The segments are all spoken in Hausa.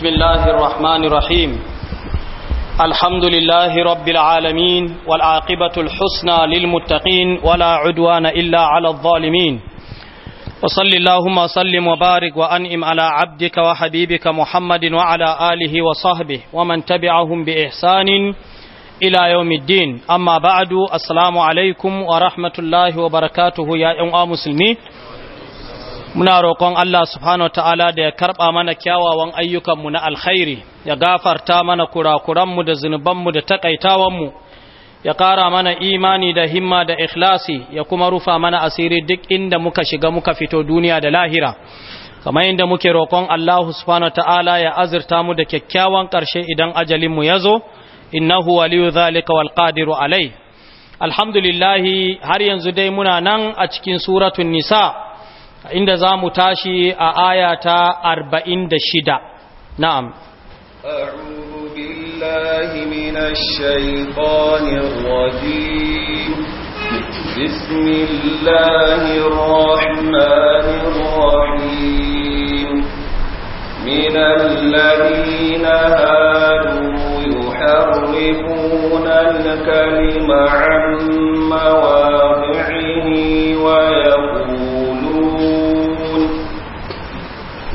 بسم الله الرحمن الرحيم الحمد لله رب العالمين والعاقبة الحسنى للمتقين ولا عدوان إلا على الظالمين وصل اللهم وسلم وبارك وأنئم على عبدك وحبيبك محمد وعلى آله وصحبه ومن تبعهم بإحسان إلى يوم الدين أما بعد السلام عليكم ورحمة الله وبركاته يا أمة مسلمين muna roƙon Allah subhanahu ta'ala da ya karɓa mana kyawawan ayyukanmu na alkhairi ya gafarta mana kurakuranmu da zunubanmu da takaitawanmu ya ƙara mana imani da himma da ikhlasi ya kuma rufa mana asiri duk inda muka shiga muka fito duniya da lahira kamar inda muke roƙon Allah subhanahu ta'ala ya azurta mu da kyakkyawan ƙarshe idan ajalinmu ya zo innahu waliyu zalika wal qadiru alai alhamdulillah har yanzu dai muna nan a cikin suratul nisa' inda za mu tashi a aya ta 46 na'am أعوذ بالله من الشيطان الرجيم بسم الله الرحمن الرحيم من الذين هادوا يحرفون الكلم عن مواضعه ويقولون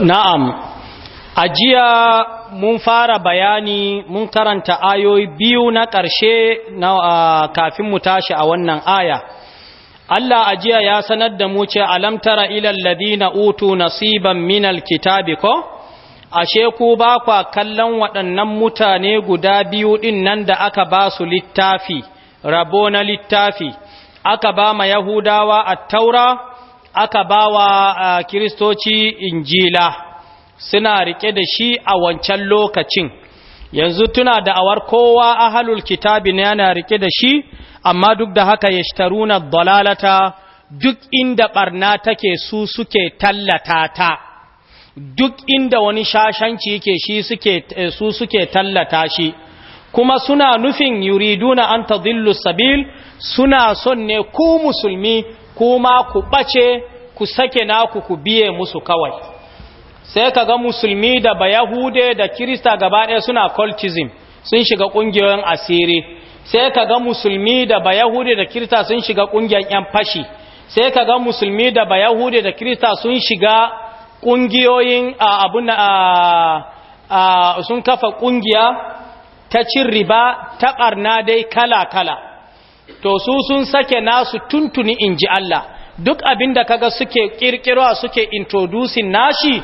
Na'am a jiya mun fara bayani mun karanta ayoyi biyu na ƙarshe na kafin mu tashi a wannan aya Allah ajiya ya sanar da mu ce alamtara tara ilal ladina utu nasiban minal kitabi ko ashe ku ba kwa kallon waɗannan mutane guda biyu din nan da aka ba su littafi rabo na littafi aka ba ma yahudawa a taura aka ba wa kiristoci injila suna rike da shi a wancan lokacin yanzu tuna da awar kowa ahalul kitabi ne yana rike da shi amma duk da haka yashtaruna dalalata duk inda barna take su suke tallata ta duk inda wani shashanci yake shi suke eh, su suke tallata shi kuma suna nufin yuriduna an tadillu sabil suna son ne ku musulmi kuma ku ɓace ku sake naku ku biye musu kawai sai ka ga musulmi da bayahude da kirista gaba ɗaya suna cultism sun shiga ƙungiyoyin asiri sai ka ga musulmi da bayahude da kirista sun shiga ƙungiyar 'yan fashi sai ka ga musulmi da bayahude da kirista sun shiga ƙungiyoyin abun sun kafa ƙungiya ta cin riba ta ɓarna dai kala-kala to su sun sake nasu tuntuni in ji Allah duk abin da kaga suke kirkirwa suke introducing nashi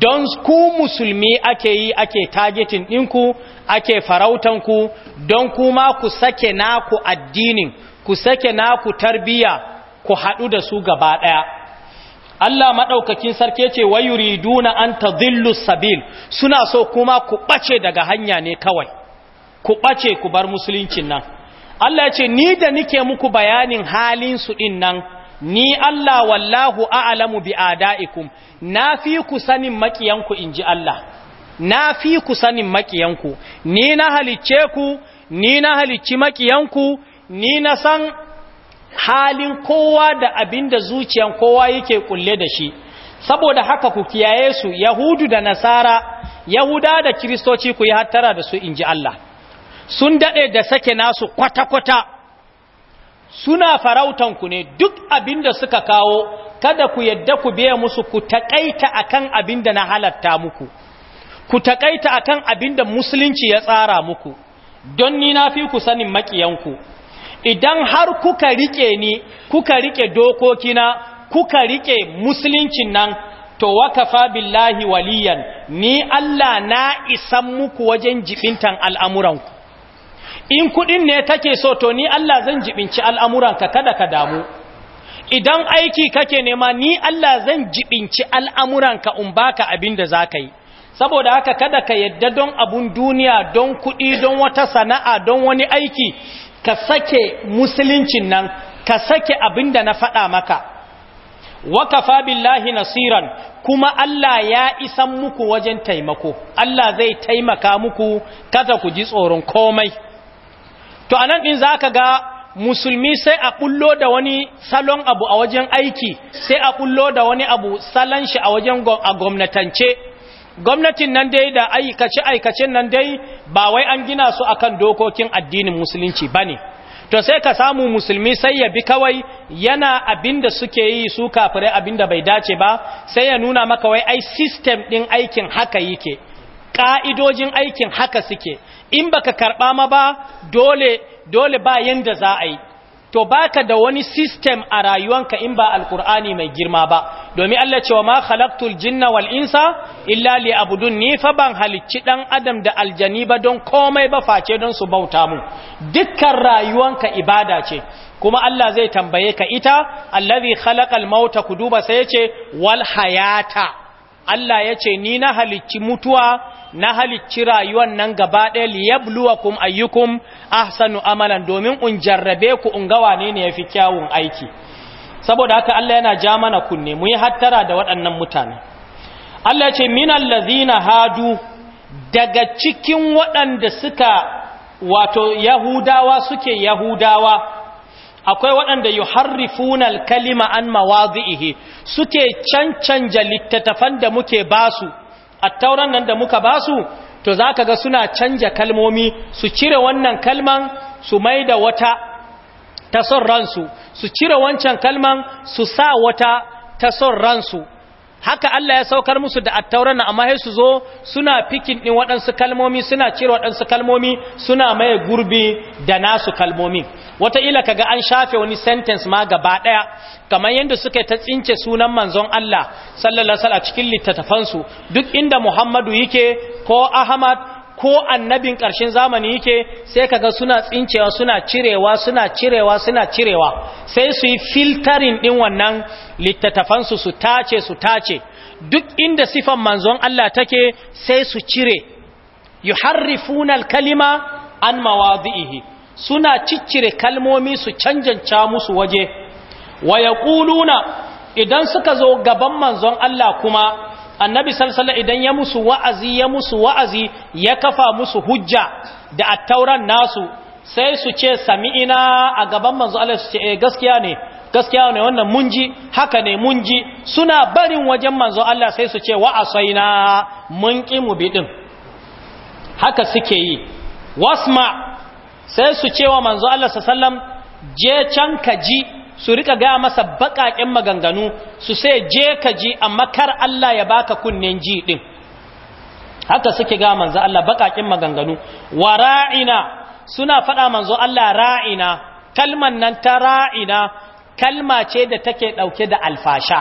don ku musulmi ake yi ake targeting ɗinku ake farautanku don kuma ku sake naku addinin ku sake naku tarbiya ku haɗu da su gaba ɗaya Allah maɗaukakin sarki ce wayuri duna an ta sabil suna so kuma ku ɓace daga hanya ne kawai ku ɓace ku bar musuluncin nan Allah ce ni da nike muku bayanin halin su din nan ni Allah wallahu a'lamu bi adaikum na fi ku sanin makiyanku inji Allah na fi ku sanin makiyanku ni na halicce ku ni na halicci makiyanku ni na san halin kowa da abinda zuciyan kowa yake kulle da shi saboda haka ku kiyaye su yahudu da nasara yahuda da kiristoci ku yi hattara da su inji Allah sun daɗe da sake nasu kwata-kwata suna farautan ku ne duk abin da suka kawo kada ku yadda ku biya musu ku taƙaita akan abin da na halatta muku ku taƙaita akan abin da musulunci ya tsara muku don ni na fi ku sanin maƙiyanku idan har kuka riƙe ni kuka riƙe dokokina kuka riƙe musuluncin nan to wakafa billahi waliyan ni Allah na isan muku wajen jibintan al'amuranku in kuɗin ne kake so to ni Allah zan jibinci al'amuran ka kada ka damu idan aiki kake nema ni Allah zan jibinci al'amuran ka in baka abin da za ka yi saboda haka kada ka yadda don abun duniya don kuɗi don wata sana'a don wani aiki ka sake musuluncin nan ka sake abin da na faɗa maka wakafa billahi nasiran kuma Allah ya isan muku wajen taimako Allah zai taimaka muku kada ku ji tsoron komai to anan din zaka ga musulmi sai a kullo da wani salon abu a wajen aiki sai a kullo da wani abu salon shi a wajen gwamnatance gwamnatin nan dai da aikace-aikacen nan dai ba wai an gina su akan dokokin addinin musulunci bane to sai ka samu musulmi sai ya bi kawai yana abinda suke yi su kafirai abinda bai dace ba sai ya nuna maka wai ai system din aikin haka yake Ka'idojin aikin haka suke in baka karba ma ba dole dole ba yanda za a yi to baka da wani system a rayuwanka in ba alkur'ani mai girma ba domin Allah cewa ma khalaqtul jinna wal insa illa li budun ni fa ban halicci dan adam da aljani ba don komai ba face don su bauta mu dukkan rayuwanka ibada ce kuma Allah zai tambaye ka ita allazi khalaqal mauta kuduba sai ce wal hayata Allah yace ni na halicci mutuwa na halicci rayuwan nan gaba ɗaya liyabluwakum ayyukum ahsanu amalan domin in jarrabe ku in ga wane ne yafi kyawun aiki saboda haka Allah yana ja mana kunne mu yi hattara da waɗannan mutane Allah ce min allazina hadu daga cikin waɗanda suka wato yahudawa suke yahudawa akwai waɗanda yuharrifuna alkalima kalima an mawazihi suke cancanja littattafan da muke basu attauran nan da muka basu to za ka ga suna canja kalmomi su cire wannan kalman su mai da wata ta son ransu su cire wancan kalman su sa wata ta son ransu haka Allah ya saukar musu da attauran amma sai su zo suna fikin ɗin waɗansu kalmomi suna cire waɗansu kalmomi suna maye gurbi da nasu kalmomi wataƙila kaga an shafe wani sentence ma gaba ɗaya kamar yadda suka ta tsince sunan manzon Allah sallallahu alaihi wasallam cikin littattafansu duk inda Muhammadu yake ko Ahmad ko annabin ƙarshen zamani yake sai kaga suna tsincewa suna cirewa suna cirewa suna cirewa sai su yi filtarin ɗin wannan littattafansu su tace su tace duk inda sifan manzon Allah take sai su cire yuharrifuna alkalima kalima an mawadhihi suna ciccire kalmomi su canjanta musu waje wa yaquluna idan suka zo gaban manzon Allah kuma annabi salsala idan ya musu wa'azi ya musu wa'azi ya kafa musu hujja da attauran nasu sai su ce sami'ina a gaban manzo Allah su ce eh, gaskiya ne gaskiya ne wannan munji haka ne munji suna barin wajen manzo Allah sai su ce wa'asai na mun mu biɗin. haka suke yi wasma sai su ce wa manzo Allah sallallahu alaihi je can ka ji su rika ga masa baƙaƙen maganganu su sai je ka ji amma kar Allah ya baka kunnen ji din haka suke ga manzo Allah baƙaƙen maganganu wa ra'ina suna faɗa manzo Allah ra'ina kalman nan ta ra'ina kalma ce da take ɗauke da alfasha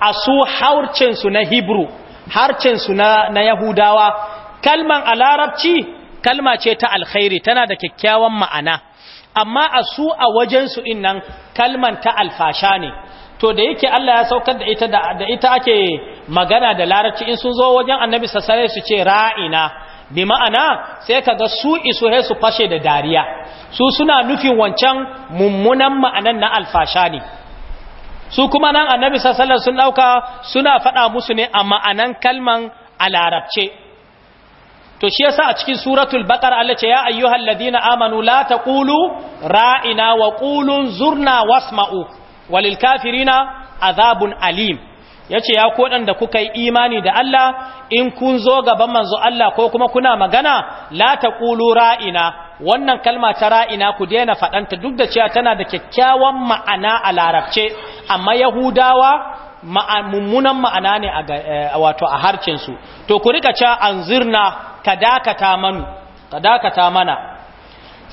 a su harcensu na Hibru harcensu na, na yahudawa kalman a larabci kalma ce ta alkhairi tana da kyakkyawan ma'ana amma a su a wajensu in nan kalman ta alfasha ne to da yake Allah ya saukar da ita da ita ake magana da larabci in sun zo wajen annabi sassare su ce ra'ina bi ma'ana sai ka ga su isu he su fashe da dariya su suna nufin wancan mummunan ma'anan na alfasha ne su kuma nan annabi sassare sun dauka suna faɗa musu ne a ma'anan kalman a larabce to shi yasa a cikin suratul baqara Allah ce ya ayyuhal ladina amanu la taqulu ra'ina wa qulun zurna wasma'u walil kafirina azabun alim yace ya ko da kuka yi imani da Allah in kun zo gaban manzo Allah ko kuma kuna magana la taqulu ra'ina wannan kalma ta ra'ina ku daina fadanta duk da cewa tana da kyakkyawan ma'ana a larabce amma yahudawa mummunan ma'ana ne eh, wato a harcin su to ku rika cewa anzirna ka ka mana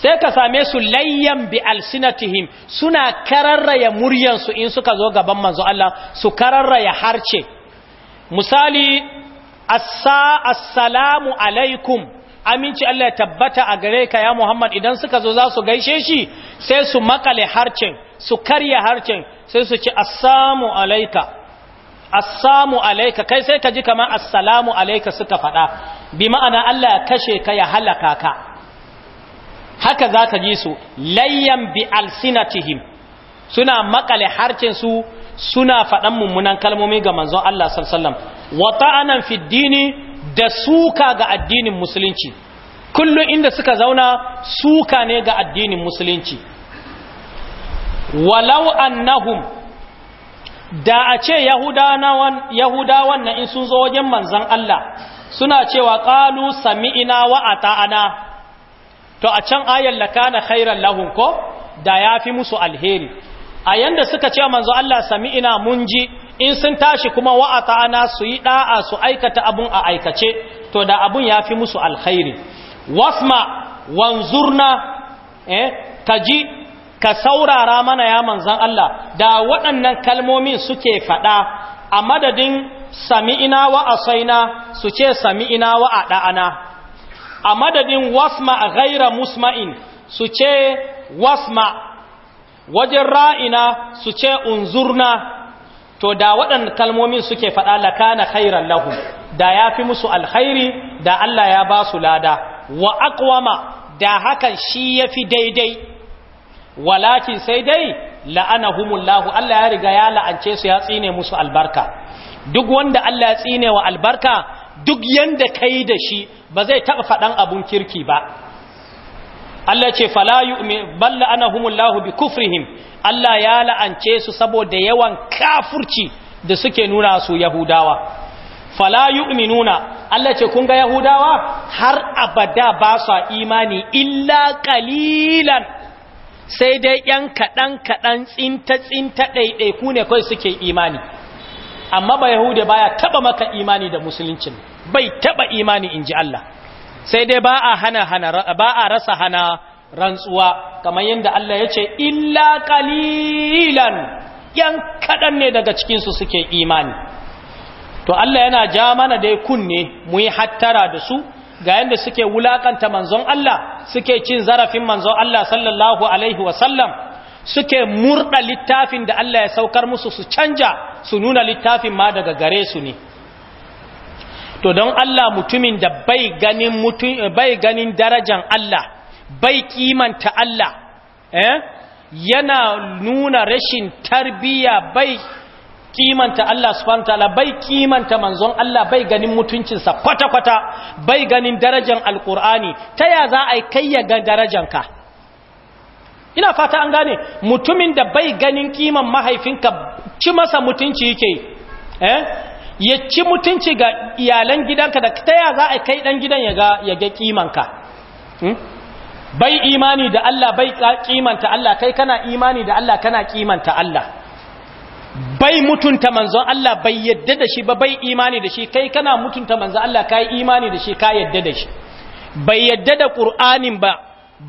sai ka same su layyan bi alsinatihim suna kararraya muryansu in suka zo gaban manzo Allah su kararraya harce misali assalamu alaikum aminci Allah ya tabbata a gare ka ya Muhammad idan suka zo za su gaishe shi sai su makale harcen su karya harcen sai su ci assamu alaika assamu alaika kai sai ka ji kamar assalamu alaika suka faɗa bi ma'ana Allah ya kashe ka ya halaka ka haka za ka ji su layyan bi alsinatihim suna makale harcin su suna faɗan mummunan kalmomi ga manzon Allah sallallahu wata anan fiddini da suka ga addinin musulunci kullum inda suka zauna suka ne ga addinin musulunci walau annahum da a ce yahudawan na in sun zo wajen manzon Allah suna cewa qalu ina wa ata'ana to a can ayan lakana khairan lahum ko da yafi musu alheri a yanda suka ce manzo Allah sami'ina mun ji in sun tashi kuma wa ata'ana su yi da'a su aikata abun a aikace to da abun yafi musu alkhairi wasma wanzurna eh kaji ka saurara mana ya manzan Allah da waɗannan kalmomin suke faɗa a madadin sami'ina wa asaina su ce sami'ina wa ada'ana a madadin wasma gaira musma'in su ce wasma wajen ra'ina su ce unzurna to da waɗannan kalmomin suke faɗa lakana khairan lahu da ya fi musu alkhairi da Allah ya ba su lada wa aqwama da hakan shi ya fi daidai walakin sai dai la'anahumullahu Allah ya riga ya la'ance su ya tsine musu albarka duk wanda Allah ya tsine wa albarka duk yanda kai da shi ba zai taɓa faɗan abun kirki ba Allah ce fala yu'min balla anahumullahu bi kufrihim Allah ya la'ance su saboda yawan kafurci da suke nuna su yahudawa fala yu'minuna Allah ce kun ga yahudawa har abada ba sa imani illa qalilan sai dai yan kaɗan-kaɗan, tsinta tsinta daidai ku ne kai suke imani amma ba yahude baya taɓa maka imani da musuluncin bai taɓa imani in ji Allah sai dai ba a hana hana ba a rasa hana rantsuwa kamar yadda Allah ya ce illa ƙalilan yan kaɗan ne daga cikin su suke imani to Allah yana ja mana dai kunne mu yi hattara da su ga yadda suke wulaƙanta manzon Allah suke cin zarafin manzon Allah sallallahu alaihi wasallam suke murda littafin da Allah ya saukar musu su canja su nuna littafin ma daga gare su ne to don Allah mutumin da bai ganin bai ganin darajan Allah bai kimanta Allah eh yana nuna rashin tarbiya bai kimanta Allah subhanahu ta'ala bai kimanta manzon Allah bai ganin mutuncinsa kwata-kwata bai ganin darajan alkur'ani ta ya za a kai ya ga darajanka ina fata an gane mutumin da bai ganin kiman mahaifinka ci masa mutunci yake eh ya ci mutunci ga iyalan gidanka da ta ya za a kai dan gidan ya ga ya ga kimanka hmm? bai imani da Allah bai kimanta Allah kai kana imani da Allah kana kimanta Allah bai mutunta manzon Allah bai yadda da shi ba bai imani da shi kai kana mutunta manzon Allah kai imani da shi ka yadda da shi bai yadda da Qur'anin ba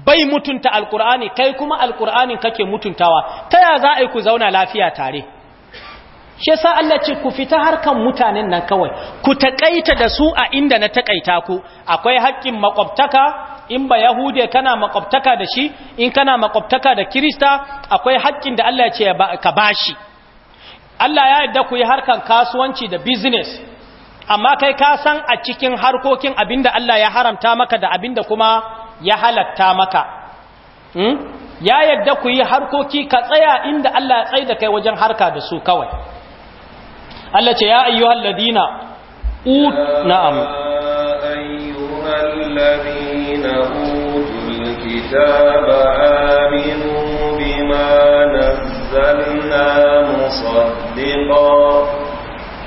bai mutunta alkur'ani kai kuma alkur'anin kake mutuntawa ta ya za a yi ku zauna lafiya tare shi sa Allah ce ku fita harkan mutanen nan kawai ku taƙaita da su a inda na taƙaita ku akwai haƙƙin makwabtaka in ba yahude kana makwabtaka da shi in kana makwabtaka da kirista akwai haƙƙin da Allah ce ka bashi Allah ya yarda ku yi harkan kasuwanci da business amma kai ka san a cikin harkokin abinda Allah ya haramta maka da abinda kuma ya halatta maka ya yadda ku yi harkoki ka tsaya inda Allah ya tsaida kai wajen harka da su kawai Allah ce ya ayyuhal ladina ut na'am ayyuhal ladina utul kitaba aminu bima nazzalna musaddiqan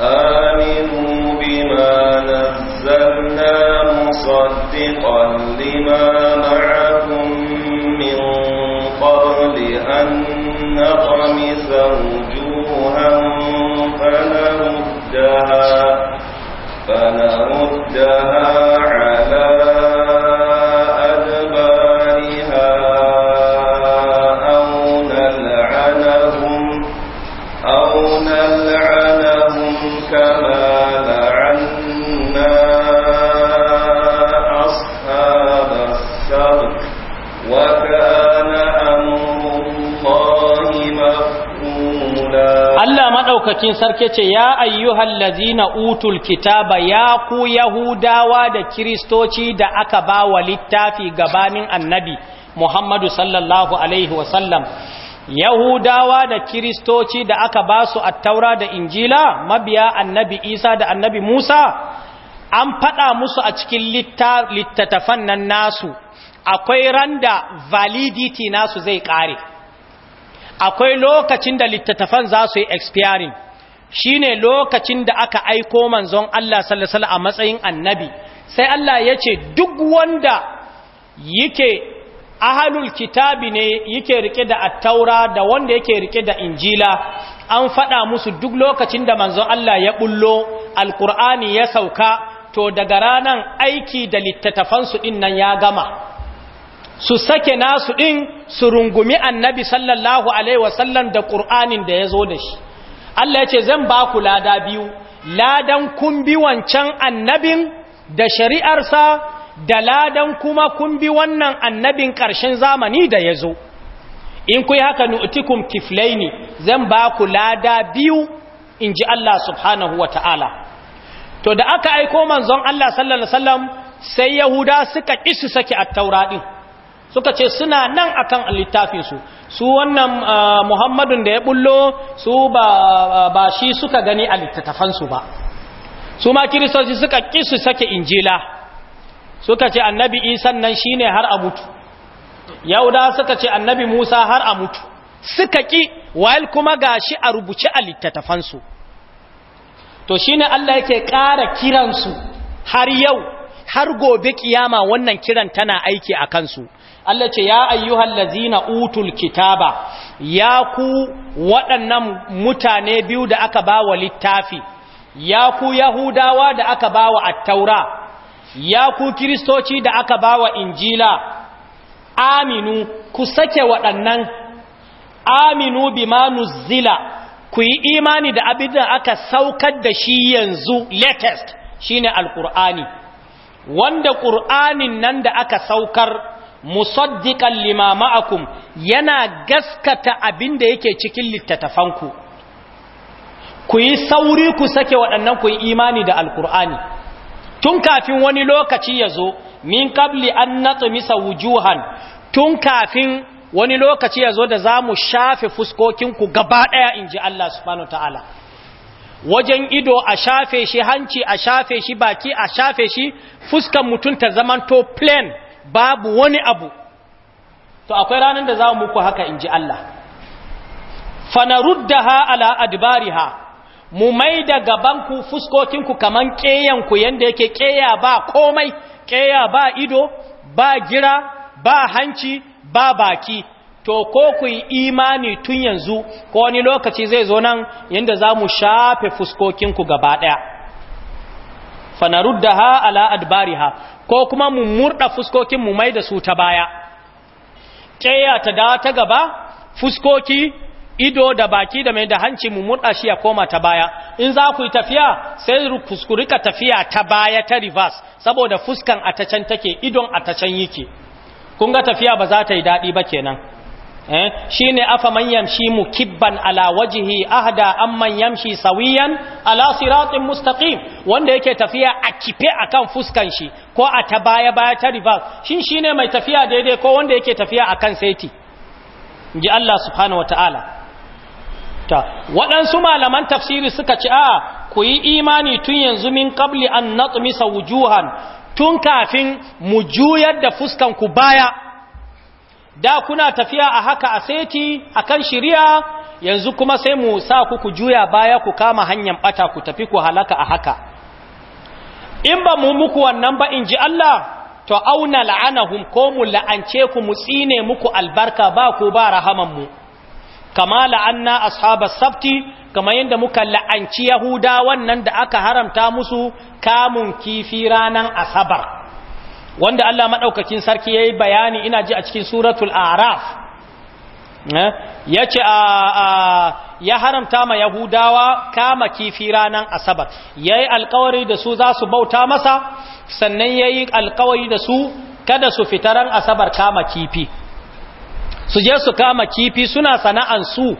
aminu bima nazzalna musaddiqan lima فنردها على maɗaukakin sarki ce ya ayyuhal lazina utul kitaba ya ku yahudawa da kiristoci da aka ba wa littafi gabanin annabi muhammadu sallallahu alaihi wasallam yahudawa da kiristoci da aka ba su attaura da injila mabiya annabi isa da annabi musa an faɗa musu a cikin littattafan nan nasu akwai randa validity nasu zai ƙare akwai lokacin da littattafan za su yi expiring shine lokacin da aka aiko manzon Allah sallallahu a matsayin annabi sai Allah ya ce duk wanda yake ahalul kitabi ne yake rike da attaura da wanda yake rike da injila an faɗa musu duk lokacin da manzon Allah ya bullo Alƙur'ani ya sauka to daga ranan aiki da littattafansu ɗin nan ya gama su sake nasu ɗin su rungumi annabi sallallahu alaihi wasallam da ƙur'anin da ya zo da shi Allah ya ce zan ba ku lada biyu ladan kun bi wancan annabin da shari'arsa da ladan kuma kun bi wannan annabin ƙarshen zamani da ya zo in ku yi haka nu'tikum kiflaini zan ba ku lada biyu in ji Allah subhanahu wa ta'ala to da aka aiko manzon Allah sallallahu alaihi wasallam sai yahuda suka ƙi su sake attaura ɗin suka ce suna nan akan littafinsu su wannan ah, muhammadun da ya bullo su ba ah, shi suka gani a su ba su ma kiristoci suka ƙi su sake injila suka ce annabi isan nan shi ne har a mutu yauda suka ce annabi musa har a mutu suka ƙi wayal kuma ga shi a rubuce a littattafansu to shine allah yake ƙara kiransu har yau har gobe kiyama wannan kiran tana aiki a kansu Allah ce ya ayyuhal lazina utul kitaba ya ku waɗannan mutane biyu da aka ba wa littafi ya ku yahudawa da aka ba wa attaura ya ku kiristoci da aka ba wa injila aminu ku sake waɗannan aminu bima nuzzila ku yi imani da abinda aka saukar da shi yanzu latest shine alkur'ani wanda ƙur'anin nan da aka saukar musaddiqan lima ma'akum yana gaskata abin da yake cikin littattafanku ku yi sauri ku sake waɗannan ku yi imani da alkur'ani tun kafin wani lokaci ya zo min kabli an natsamisa wujuhan tun kafin wani lokaci ya zo da za mu shafe ku gaba ɗaya in ji Allah subhanahu ta'ala wajen ido a shafe shi hanci a shafe shi baki a shafe shi fuskan mutunta zamanto plain babu wani abu to akwai ranar da za mu muku haka in ji Allah fanaruddaha ala adbariha mu mai da gabanku fuskokinku kaman ƙeyanku yadda yake ƙeya ba komai ƙeya ba ido ba gira ba hanci ba baki to ko ku yi imani tun yanzu ko wani lokaci zai zo nan yadda za mu shafe fuskokinku gaba ɗaya fanaruddaha ala adbariha ko kuma mu murda fuskokin mu mai da su ta baya keya ta da ta gaba fuskoki ido da baki da mai da hanci mu murda shi ya koma ta baya in za ku yi tafiya sai kuskurika tafiya ta baya ta reverse saboda fuskan a ta can take idon a ta can yake kun ga tafiya ba za ta yi daɗi ba kenan eh ne afa man yamshi mukibban ala wajhi ahda amman yamshi sawiyan ala siratin mustaqim wanda yake tafiya a kife akan fuskan shi ko a ta baya baya ta reverse shin shine mai tafiya daidai ko wanda yake tafiya akan saiti ji Allah subhanahu wataala ta waɗansu malaman tafsiri suka ce a ku yi imani tun yanzu min kabli an natsumisa wujuhan tun kafin mu juyar da fuskan ku baya da kuna tafiya a haka a seti a kan shirya yanzu kuma sai mu sa ku ku juya baya ku kama hanyar bata ku tafi ku halaka a haka in ba mu muku wannan ba in ji Allah to auna la'anahum ko mu la'ance ku mu tsine muku albarka ba ku ba rahaman mu kama la'anna ashabas sabti kama yanda muka la'anci yahuda wannan da aka haramta musu kamun kifi ranan asabar wanda Allah maɗaukakin sarki ya yi bayani ina ji a cikin suratul araf eh, ya ce ya haramta ma yahudawa kama kifi ranar asabar ya yi alkawari da su za su bauta masa sannan ya yi alkawari da su kada su fitaran asabar kama kifi su je su kama kifi suna sana'an su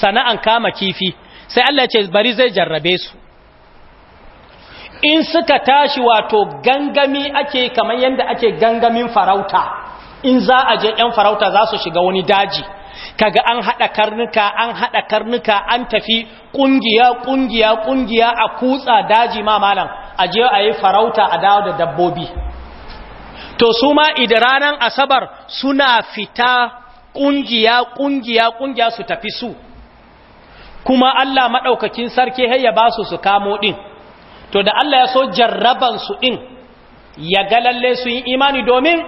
sana'an kama kifi sai Allah ce bari zai jarrabe su in suka tashi wato gangami ake kamar yadda ake gangamin farauta in za a je 'yan farauta za su shiga wani daji kaga an haɗa karnuka an haɗa karnuka an tafi ƙungiya ƙungiya ƙungiya a kutsa daji ma malam a je a yi farauta a dawo da dabbobi to su ma idiranan asabar suna fita ƙungiya ƙungiya ƙungiya su tafi su kuma Allah maɗaukakin sarki har ya ba su su kamo ɗin to da Allah ya so jarraban su din ya ga lalle su yi imani domin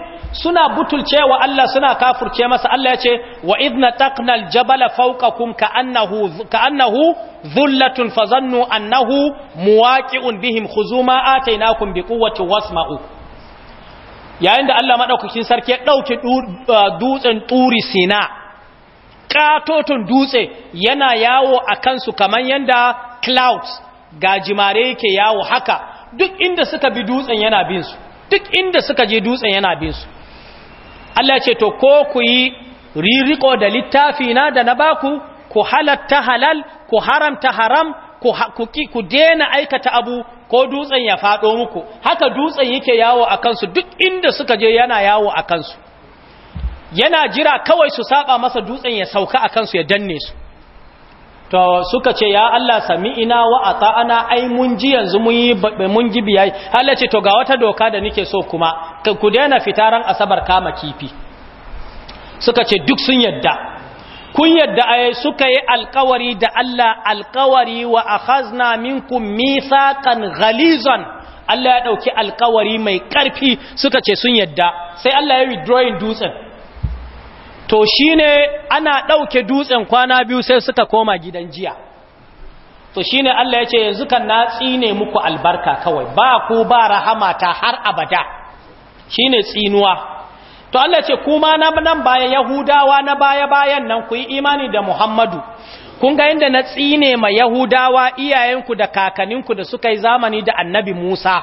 suna butulcewa Allah suna kafurce masa Allah ya ce wa idna taqnal jabala fawqakum ka'annahu ka'annahu dhullatun fazannu annahu muwaqi'un bihim khuzuma atainakum biquwwati wasma'u yayin da Allah madaukakin sarki ya dauke uh, dutsen turi sina katotun dutse yana yawo akan su kaman yanda clouds gajimare yake yawo haka duk inda suka bi dutsen yana bin su duk inda suka je dutsen yana bin su Allah ce to ko ku yi ririko da littafi na da na baku ku halatta halal ku haramta haram ku ku dena aikata abu ko dutsen ya fado muku haka dutsen yake yawo a kansu duk inda suka je yana yawo a kansu yana jira kawai su saba masa dutsen ya sauka a kansu ya danne su to suka ce ya Allah ina wa ata'ana ai mun ji yanzu mun yi mun ji biyai Allah ce to ga wata doka da nike so kuma ku daina fitaran asabar kama kifi suka ce duk sun yadda kun yadda ai suka yi alkawari da Allah alkawari wa akhazna minkum mithaqan ghalizan Allah ya dauki alkawari mai karfi suka ce sun yadda sai Allah ya withdrawing dutsen to shine ana ɗauke dutsen kwana biyu sai suka koma gidan jiya to shine Allah ya yanzu kan na tsine muku albarka kawai ba ku ba rahama ta har abada shine tsinuwa to Allah ya ce kuma na nan baya yahudawa na baya bayan nan ku yi imani da Muhammadu kun ga inda na tsine ma yahudawa iyayenku da kakanninku da suka yi zamani da annabi Musa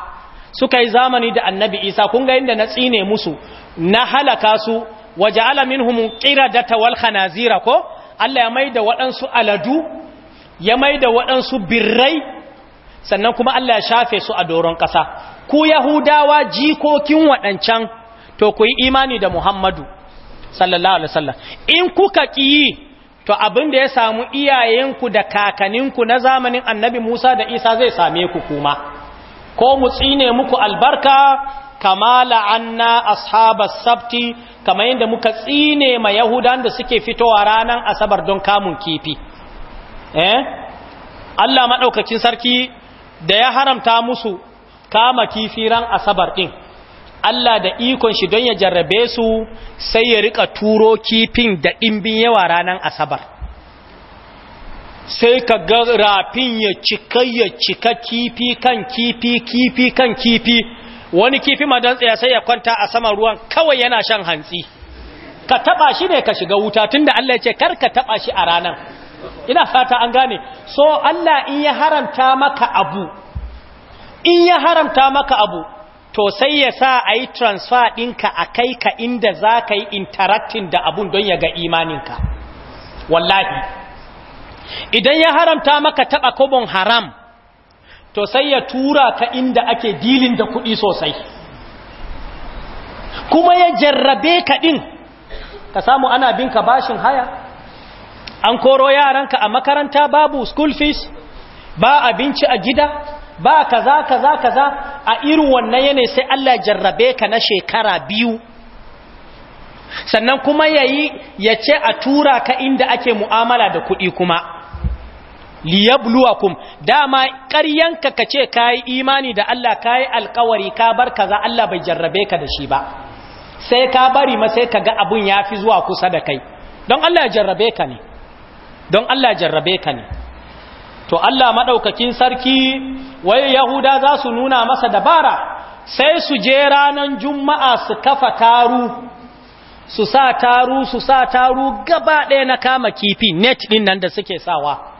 suka yi zamani da annabi Isa kun ga inda na tsine musu na halaka su waje alamin humun ƙira da tawal khanazira ko Allah ya mai da waɗansu aladu ya mai da waɗansu birrai sannan kuma Allah ya shafe su a doron ƙasa ku yahudawa jikokin waɗancan to ku yi imani da muhammadu sallallahu alaihi sallam. in kuka ƙiyi to abin da ya samu iyayenku da kakaninku na zamanin annabi Musa da Isa zai same ku kuma ko mu tsine muku albarka kama la'anna ashabas sabti kamar yadda muka tsine ma yahudan da suke fitowa ranar asabar don kamun kifi eh Allah maɗaukacin sarki da ya haramta musu kama kifi ran asabar ɗin Allah da ikon shi don ya jarrabe su sai ya rika turo kifin da ɗimbin yawa ranar asabar sai ka ga rafin ya cika ya cika kifi kan kifi kifi kan kifi wani kifi madantsaya sai ya kwanta a saman ruwan kawai yana shan hantsi ka taba shi ne ka shiga wuta tunda Allah ya ce kar ka taba shi a ranar ina fata an gane so Allah in ya haramta maka abu in ya haramta maka abu to sai ya sa a yi transfer ɗinka a kai ka inda za ka yi interacting da abun don ya ga imaninka wallahi idan ya haramta maka taɓa kobon haram to sai ya tura ka inda ake dilin da kuɗi sosai kuma ya jarrabe ka ɗin ka samu ana bin ka bashin haya an koro yaranka a makaranta babu school fees ba abinci a gida ba kaza kaza kaza a irin wannan yanayi sai Allah jarrabe ka na shekara biyu sannan kuma yayi ya ce a tura ka inda ake mu'amala da kuɗi kuma liyabluwakum dama ƙaryanka ka ce ka yi imani da Allah ka yi alkawari ka bar kaza Allah bai jarrabe ka da shi ba sai ka bari ma sai ka ga abun ya fi zuwa kusa da kai don Allah ya jarrabe ka ne don Allah ya jarrabe ka ne to Allah maɗaukakin sarki wai yahuda za su nuna masa dabara sai su je ranar juma'a su kafa taru su sa taru su sa taru gaba ɗaya na kama kifi net ɗin nan da suke sawa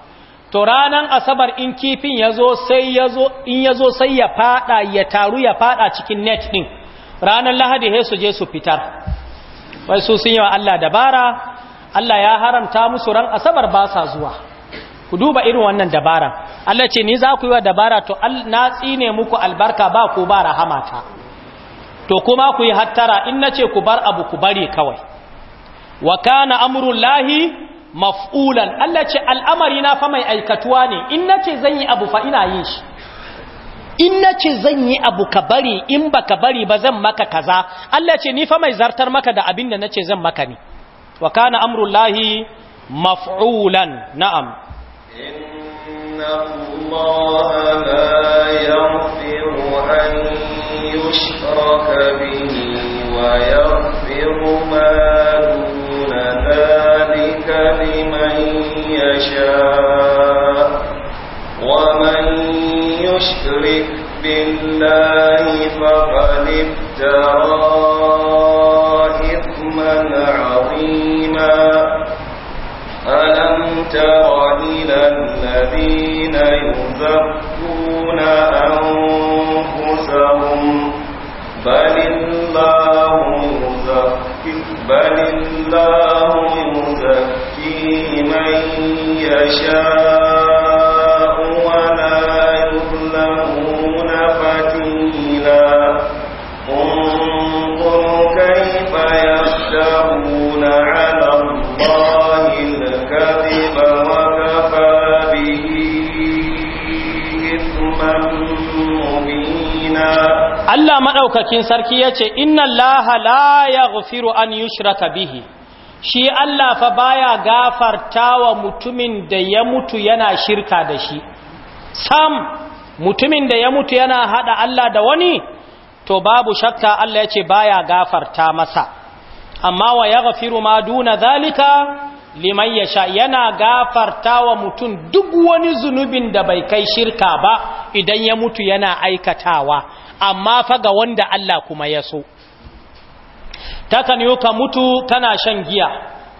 to ranan asabar in kifin yazo sai yazo in yazo sai ya fada ya taru ya fada cikin net din ranan lahadi sai su je su fitar wai su sun yi wa Allah dabara Allah ya haramta musu ran asabar ba sa zuwa ku duba irin wannan dabara Allah ce ni za ku yi wa dabara to na tsine muku albarka ba ku ba rahamata to kuma ku yi hattara in na ce ku bar abu ku bare kawai wa kana amrullahi maf'ulan Allah ce al'amari na fa mai aikatuwa ne in nace zan yi abu fa ina yin shi in nace zan yi abu ka bari in baka bari ba zan maka kaza Allah ce ni fa mai zartar maka da abin da nace zan maka ne wa kana amrullahi maf'ulan na'am inna allaha la yaghfiru an yushraka bihi wa yaghfiru ma يشاء ومن يشرك بالله فقد افترى إثما عظيما ألم تر إلى الذين يزكون أنفسهم بل الله يزكي بل الله يزكي من يشاء ولا يظلمون فتيلا انظر كيف يفترون على الله الكذب وكفى به إثما مبينا Allah maɗaukakin sarki ya ce, Inna Allah la ya an yushraka bihi. shi Allah fa baya gafartawa mutumin da ya mutu yana shirka da shi sam mutumin da ya mutu yana hada Allah da wani to babu shakka Allah ya ce baya gafarta masa amma wa yaghfiru ma duna zalika liman yasha yana gafartawa mutum duk wani zunubin da bai kai shirka ba idan ya mutu yana aikatawa amma fa ga wanda Allah kuma ya so takan yi ka mutu kana shan giya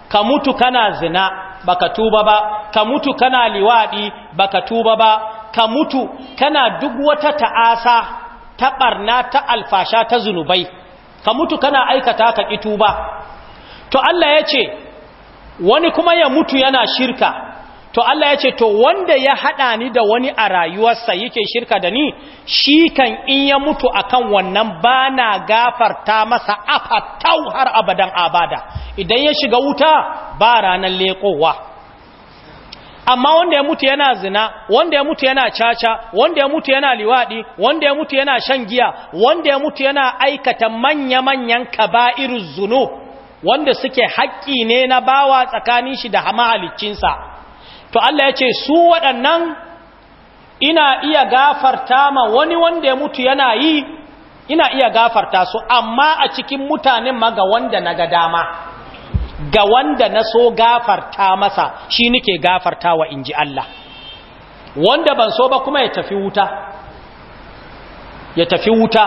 ka mutu kana zina baka tuba ba ka mutu kana liwaɗi baka tuba ba ka mutu kana duk wata ta'asa ta ɓarna ta alfasha ta zunubai ka mutu kana aikata ka ƙi tuba to Allah ya ce wani kuma ya mutu yana shirka to Allah ya ce to wanda ya haɗa ni da wani a rayuwarsa yake shirka da ni shi kan in ya mutu akan wannan ba na gafarta masa afatau har abadan abada idan ya shiga wuta ba ranar leƙowa amma wanda ya mutu yana zina wanda ya mutu yana caca wanda ya mutu yana liwaɗi wanda ya mutu yana shan giya wanda ya mutu yana aikata manya-manyan kaba'irin zuno wanda suke haƙƙi ne na bawa tsakanin shi da mahaliccinsa. to Allah ya ce su waɗannan ina iya gafarta ma wani wanda ya mutu yana yi ina iya gafarta su amma a cikin mutanen ma ga wanda na ga dama ga wanda na so gafarta masa shi nike gafarta wa inji Allah wanda ban so ba kuma ya tafi wuta ya tafi wuta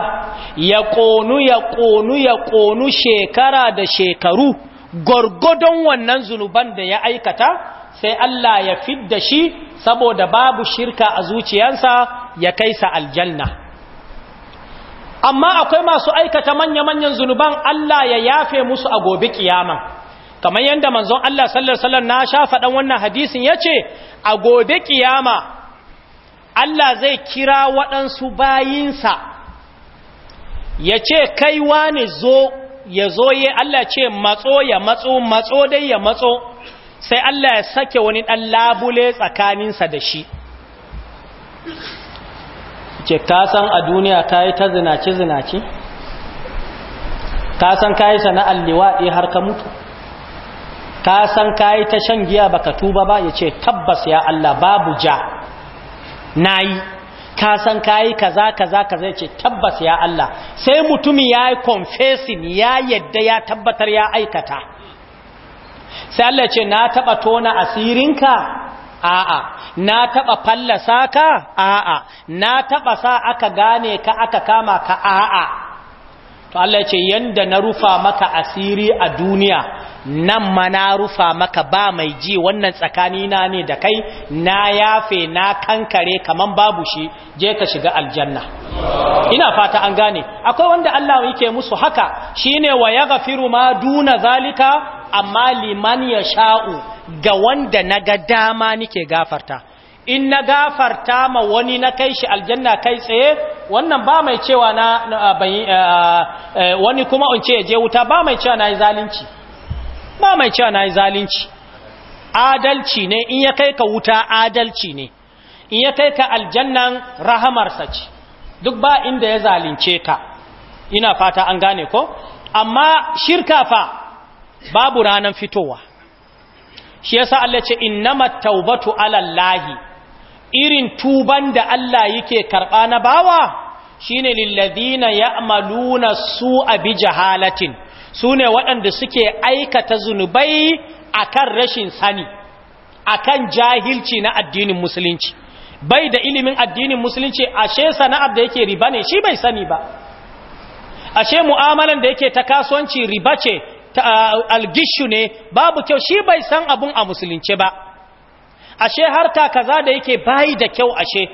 ya ƙonu ya ƙonu ya ƙonu shekara da shekaru gwargwadon wannan zunuban da ya aikata sai Allah ya fidda shi saboda babu shirka a zuciyansa ya kai sa aljanna amma akwai masu aikata manya-manyan zunuban Allah ya yafe musu a gobe kiyama kamar yadda manzon Allah sallar alaihi wasallam na sha faɗan wannan hadisin yace a gobe kiyama Allah zai kira waɗansu bayinsa yace kai wani zo ya zo ya Allah ce matso ya matso matso dai ya matso sai Allah ya sake wani ɗan labule tsakaninsa da shi ka kasan a duniya ka yi ta zinace-zinace kasan ka yi sana'ar liwaɗi har ka mutu kasan ka yi ta shan giya baka tuba ba ya ce tabbas ya Allah babu ja na yi kasan ka yi kaza kaza kaza ya ce tabbas ya Allah sai mutumi ya yi confessing ya yadda ya tabbatar ya aikata sai Allah ce na taɓa tona asirin ka? a'a na taɓa fallasa ka a'a na taɓa sa aka gane ka aka kama ka a'a to Allah ce yanda na rufa maka asiri a duniya nan ma na rufa maka ba mai ji wannan tsakani na ne da kai na yafe na kankare kaman babu shi je ka shiga aljanna ina fata an gane akwai wanda Allah yake musu haka shine wa yaghfiru ma duna zalika amma liman ya sha'u ga wanda na ga dama nike gafarta in na gafarta ma wani na kai shi aljanna kai tsaye wannan ba mai cewa na wani kuma in ce je wuta ba mai cewa na yi zalunci ba mai cewa na yi zalunci adalci ne in ya kai ka wuta adalci ne in ya kai ka aljannan rahamarsa ce duk ba inda ya zalunce ka ina fata an gane ko amma shirka fa babu ranar fitowa shi yasa Allah ce innamat taubatu lahi irin tuban da Allah yake karɓa na bawa shine lilladina ya'maluna su'a bi jahalatin sune waɗanda suke aikata zunubai akan rashin sani akan jahilci na addinin musulunci bai da ilimin addinin musulunci ashe sana'ar da yake riba ne shi bai sani ba ashe mu'amalan da yake ta kasuwanci riba ce algishu ne babu kyau shi bai san abun a musulunce ba ashe ta kaza da yake bayi da kyau ashe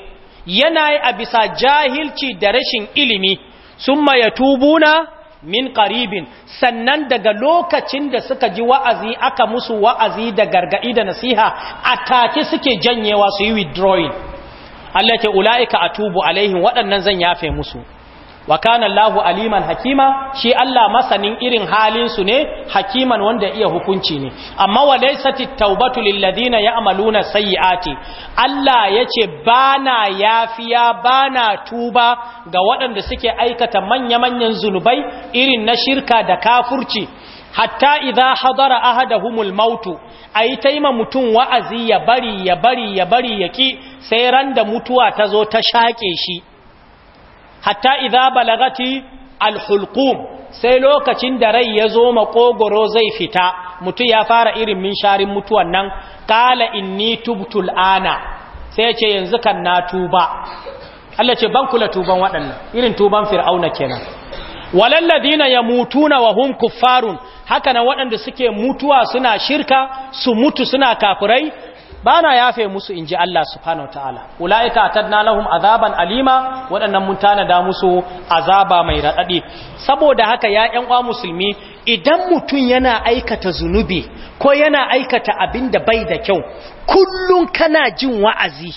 yana yi a bisa jahilci da rashin ilimi sun ya tubuna min karibin sannan daga lokacin da suka ji wa'azi aka musu wa'azi da gargaɗi da nasiha a take suke janyewa su yi withdrawing allake ula'ika a tubu alaihin waɗannan zan yafe musu wa kana Allahu aliman hakima shi Allah masanin irin halin su ne hakiman wanda iya hukunci ne amma walaysati taubatu lil ladina ya'maluna sayyiati Allah yace bana yafiya bana tuba ga waɗanda suke aikata manya-manyan zunubai irin na shirka da kafurci hatta idza hadara ahaduhumul mautu ai taima mutun wa'azi ya bari ya bari ya bari yaki sai ran da mutuwa ta zo ta shake shi hatta idza balagati alhulqum sai lokacin da rai ya zo makogoro zai fita mutum ya fara irin minsharin mutuwan nan qala inni tubtul ana sai ce yanzu kan na tuba Allah ce ban kula tuban waɗannan irin tuban fir'auna kenan ladina yamutuna wa hum kuffarun haka nan waɗanda suke mutuwa suna shirka su mutu suna kafurai. Bana yafe musu in ji Allah subhanahu ta'ala ula'ika tadna lahum azaban alima waɗannan mun da musu azaba mai raɗaɗi saboda haka ya ƴan uwa musulmi idan mutum yana aikata zunubi ko yana aikata abin da bai da kyau Kullum kana jin wa'azi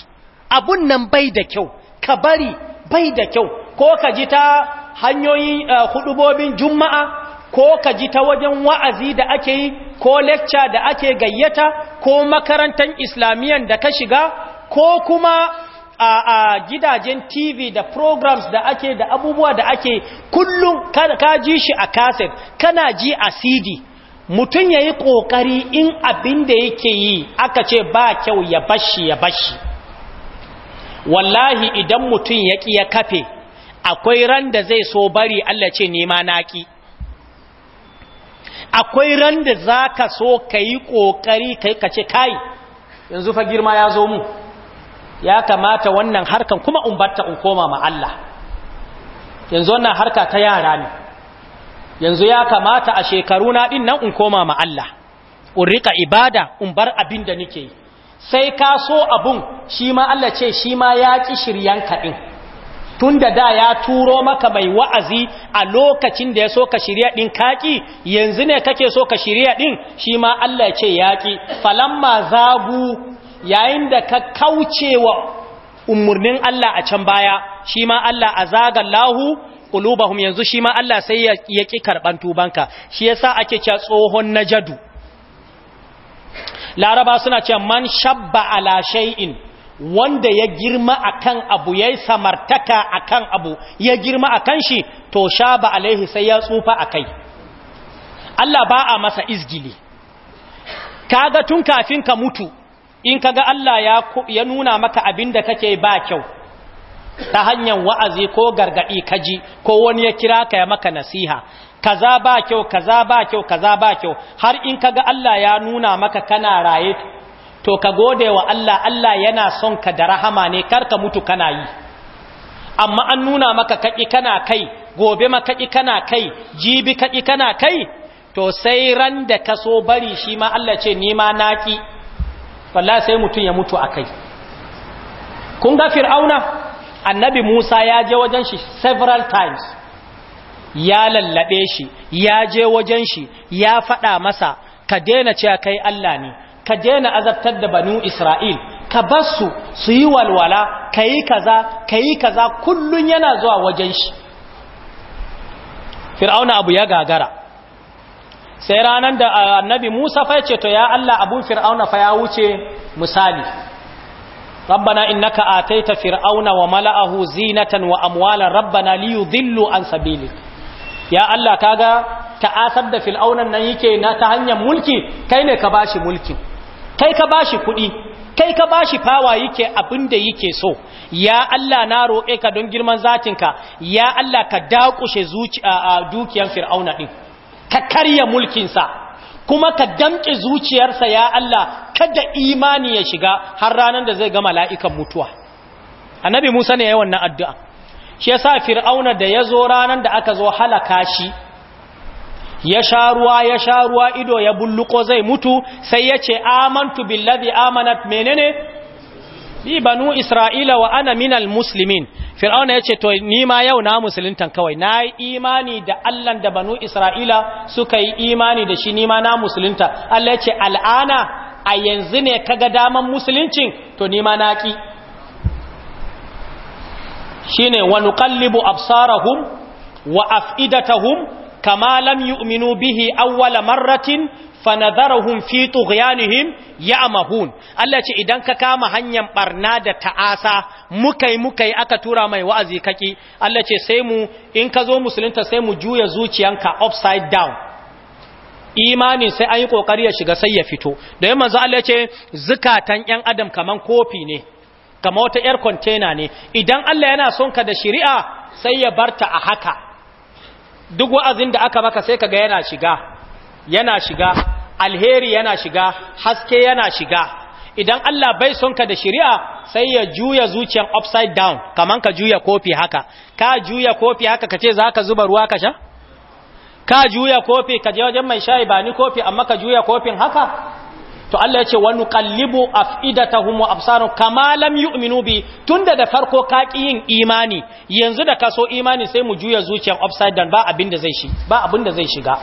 abun nan bai da kyau ka bari bai da kyau ko ka ji ta hanyoyin eh, hudubobin juma'a ko ka ji ta wajen wa'azi da ake yi ko lecture da ake gayyata ko makarantar islamiyan da ka shiga ko kuma a, a gidajen tv da programs da ake da abubuwa da ake kullum ka ji shi a kaset kana ji a cd mutum ya yi ƙoƙari in abin da yake yi aka ce ba kyau ya bashi ya bashi wallahi idan mutum ya ƙi ya kafe akwai ran da zai so bari allah ce nema naƙi akwai ran da za ka so ka yi ƙoƙari ka yi ka ce kai yanzu fa girma ya zo mu ya kamata wannan harkan kuma umbarta in koma ma Allah yanzu wannan harka ta yara ne yanzu ya kamata a shekaru na ɗin nan in koma ma Allah in ibada in abin da nike yi sai ka so abun shi ma Allah ce shi ma ya ƙi shiryanka ɗin tun da da ya turo maka mai wa'azi a lokacin da ya so ka shirya ɗin kaƙi yanzu ne kake so ka shirya ɗin shi ma Allah ce yaƙi falamma zagu yayin da ka kauce wa umarnin Allah a can baya shi ma Allah a lahu ƙulubahum yanzu shi ma Allah sai ya ƙi karban tubanka shi yasa ake ce tsohon najadu laraba suna ce man shabba ala shay'in wanda ya girma akan abu yayi samartaka akan abu ya girma akan shi to shaba alaihi sai ya tsufa akai Allah ba a masa izgili kaga tun kafin ka mutu in kaga Allah ya ya nuna maka abinda kake ba kyau ta hanyar wa'azi ko gargadi kaji ko wani ya kira ka ya maka nasiha kaza ba kyau kaza ba kyau kaza ba kyau har in kaga Allah ya nuna maka kana raye to ka gode wa Allah Allah yana son ka da rahama ne kar ka mutu kana yi amma an nuna maka kaƙi kana kai gobe ma kaƙi kana kai jibi kaƙi kana kai to sai ran da ka so bari shi ma Allah ce ni ma naki wallahi sai mutum ya mutu akai kun ga fir'auna annabi Musa ya je wajen shi several times ya lallabe shi ya je wajen shi ya faɗa masa ka daina cewa kai Allah ne ka jena azabtar da banu isra'il ka basu su yi walwala ka yi kaza ka yi kaza kullum yana zuwa wajen shi fir'auna abu ya gagara sai ranar da annabi musa fai ce to ya allah abun fir'auna fa ya wuce misali rabbana innaka ataita fir'auna wa mala'ahu zinatan wa amwalan rabbana liyudhillu an sabili ya allah kaga ta'asar da fir'aunan nan yake na ta hanyar mulki kai ne ka bashi mulkin kai ka bashi kuɗi kai ka bashi fawa yake abin da yake so ya Allah na roƙe ka don girman zatinka ya Allah ka dakushe dukiyan fir'auna ɗin ka karya mulkinsa kuma ka damƙe zuciyarsa ya Allah kada imani ya shiga har ranar da zai ga mala'ikan mutuwa annabi musa ne ya yi wannan addu'a shi ya fir'auna da ya zo ranar da aka zo halaka shi ya sha ruwa ya sha ruwa ido ya bulluko zai mutu sai ya ce amantu billazi amanat menene bi banu isra'ila wa ana minal muslimin fir'auna yace to ni ma yau na musuluntan kawai na yi imani da Allah da banu isra'ila suka yi imani da shi ni ma na musulunta Allah yace al'ana a yanzu ne kaga daman musuluncin to ni ma na ki shine wa nuqallibu absarahum wa af'idatahum kama lam yu'minu bihi awwala marratin fanadharahum fi tughyanihim ya'mahun Allah ce idan ka kama hanyar barna da ta'asa mukai mukai aka tura mai wa'azi kaki Allah ce sai mu in ka zo musulunta sai mu juya zuciyanka upside down imanin sai an yi kokari ya shiga sai ya fito da yamma za Allah ce zukatan yan adam kaman kofi ne kama wata yar container ne idan Allah yana son ka da shari'a sai ya barta a haka duk wa'azin da aka maka sai ka ga yana shiga yana shiga alheri yana shiga haske yana shiga idan Allah bai son ka da shari'a sai ya juya zuciyan upside down Kamar ka juya kofi haka ka juya kofi haka ka ce za ka zuba ruwa ka sha ka juya kofi ka je wajen mai shayi ba ni kofi amma ka juya kofin haka to Allah ya ce wa nuqallibu ta wa absaruhum kama lam yu'minu bi tunda da farko kaki yin imani yanzu da kaso imani sai mu juya zuciyar upside down ba abin da zai ba da zai shiga